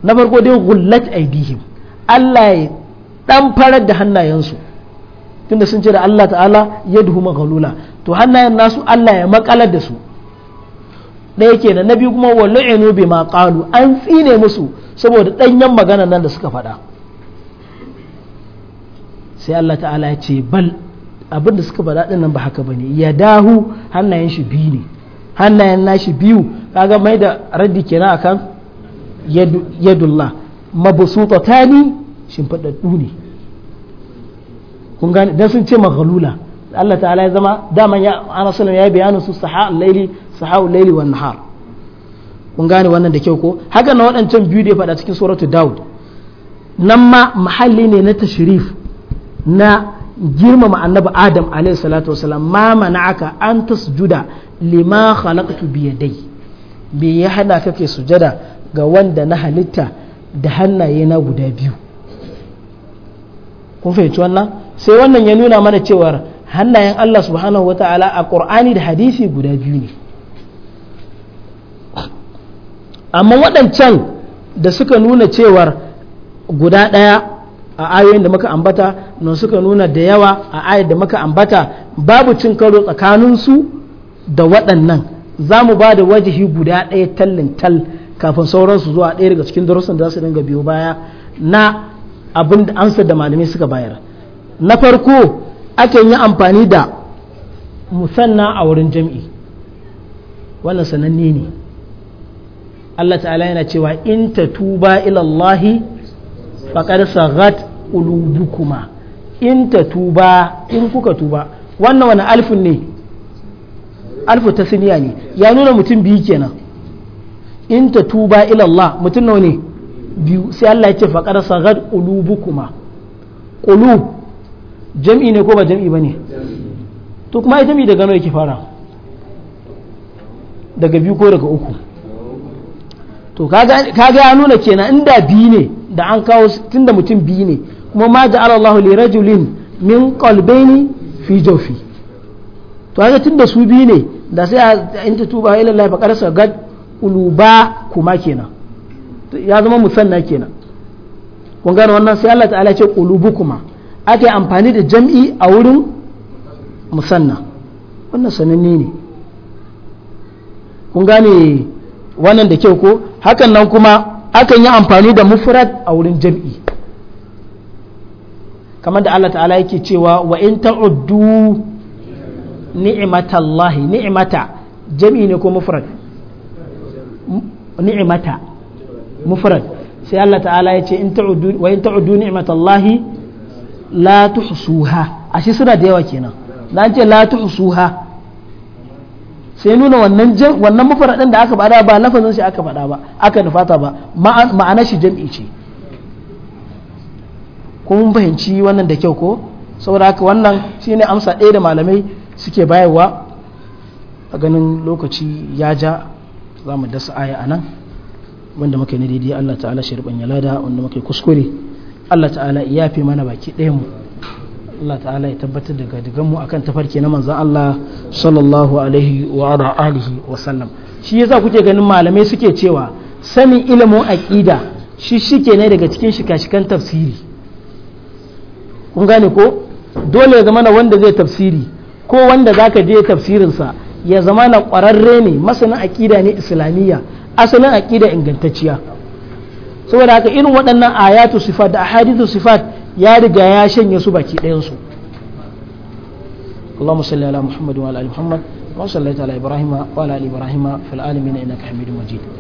na farko dai gullat aidihim Allah ya dan farar da hannayensu tunda sun ce da Allah ta'ala ya yadhu maghlula to hannayen nasu Allah ya makalar da su ɗaya yake na biyu kuma wa lu'inu ma qalu an tsine musu saboda danyen magana nan da suka faɗa sai Allah ta'ala ya ce bal abin suka faɗa din nan ba haka bane ya dahu hannayen shi biyu ne hannayen nashi biyu kaga mai da raddi kenan akan yadullah mabsutatani shimfidaddu ne kun gane dan sun ce maghlula Allah ta'ala ya zama daman ya ana sallam ya bayanin su al laili al laili wan nahar kun gane wannan da kyau ko haka na waɗancan biyu da ya faɗa cikin suratul daud nan ma mahalli ne na tashrif na girmama annabi adam alaihi salatu wasalam ma mana'aka an tasjuda lima khalaqtu bi yadai me ya hada kake sujada ga wanda na halitta da hannaye na guda biyu kun fahimci wannan sai wannan ya nuna mana cewar hannayen Allah subhanahu wata'ala a ƙur'ani da hadisi guda biyu ne amma waɗancan da suka nuna cewar guda ɗaya a ayoyin da muka ambata na suka nuna da yawa a ayar da muka ambata babu cin karo tsakaninsu da waɗannan za mu ba da wajihi guda ɗaya tallin tal kafin sauransu zuwa ɗaya daga cikin darussan da za su dinga biyo baya na abin da ansa da malamai suka bayar na farko ake yi amfani da musanna a wurin jam'i wannan sananne ne Allah ta'ala yana cewa in ta tuba ilallahi faƙar sagat ulubukuma in ta tuba in kuka tuba wannan wani alfin ne alfu ta siniya ne ya nuna mutum biyu kenan in ta tuba ilallah mutum nawa ne biyu sai Allah ya ce faqad ulubu kuma. qulub jam'i ne ko ba jam'i bane to kuma ai jam'i daga nawa yake fara daga biyu ko daga uku to kaga ya nuna kenan inda biyu ne da an kawo da mutum biyu ne kuma ma ja'ala allahu li rajulin min ni fi jawfi to kaga da su biyu ne da sai in ta tuba ilallah faƙar faqad sagad uluba kuma kenan ya zama musanna kenan kun gane wannan sai Allah ta'ala ce ulubu kuma aka yi amfani da jam'i a wurin musanna wannan sananne ne kun gane wannan da kyau ko hakan nan kuma akan yi amfani da mufrad a wurin jam'i kamar da Allah ta'ala yake cewa wa in ta'uddu ni'matallahi ni'mata jami'i ne ko mufrad ni'mata mufrad sai Allah ta'ala ya ce in ta'udu wa in ta'udu la tuhsuha ashe suna da yawa kenan na ce la tuhsuha sai nuna wannan wannan mafaradin da aka bada ba lafazin shi aka faɗa ba aka nufata ba ma'ana shi jam'i ce kun fahimci wannan da kyau ko saboda haka wannan shine amsa ɗaya da malamai suke bayarwa a ganin lokaci ya ja za mu dasa aya nan wanda muka yi na daidai Allah ta'ala shi ya lada wanda muka yi kuskure Allah ta'ala ya fi mana baki ɗaya mu Allah ta'ala ya tabbatar da gadigan mu akan tafarki na manzon Allah sallallahu alaihi wa ala alihi wa sallam shi yasa kuke ganin malamai suke cewa sanin ilimin aqida shi shike ne daga cikin shika-shikan tafsiri kun gane ko dole ya zama wanda zai tafsiri ko wanda zaka je tafsirinsa ya zama na ƙwararre ne masana aƙida ne islamiyya asalin aƙida ingantacciya saboda haka irin waɗannan ayatu sifat da ahadithu sifat ya riga ya shanye su baki ɗayansu اللهم صل على محمد وعلى ال محمد كما صليت على ابراهيم وعلى ال ابراهيم في العالمين انك حميد مجيد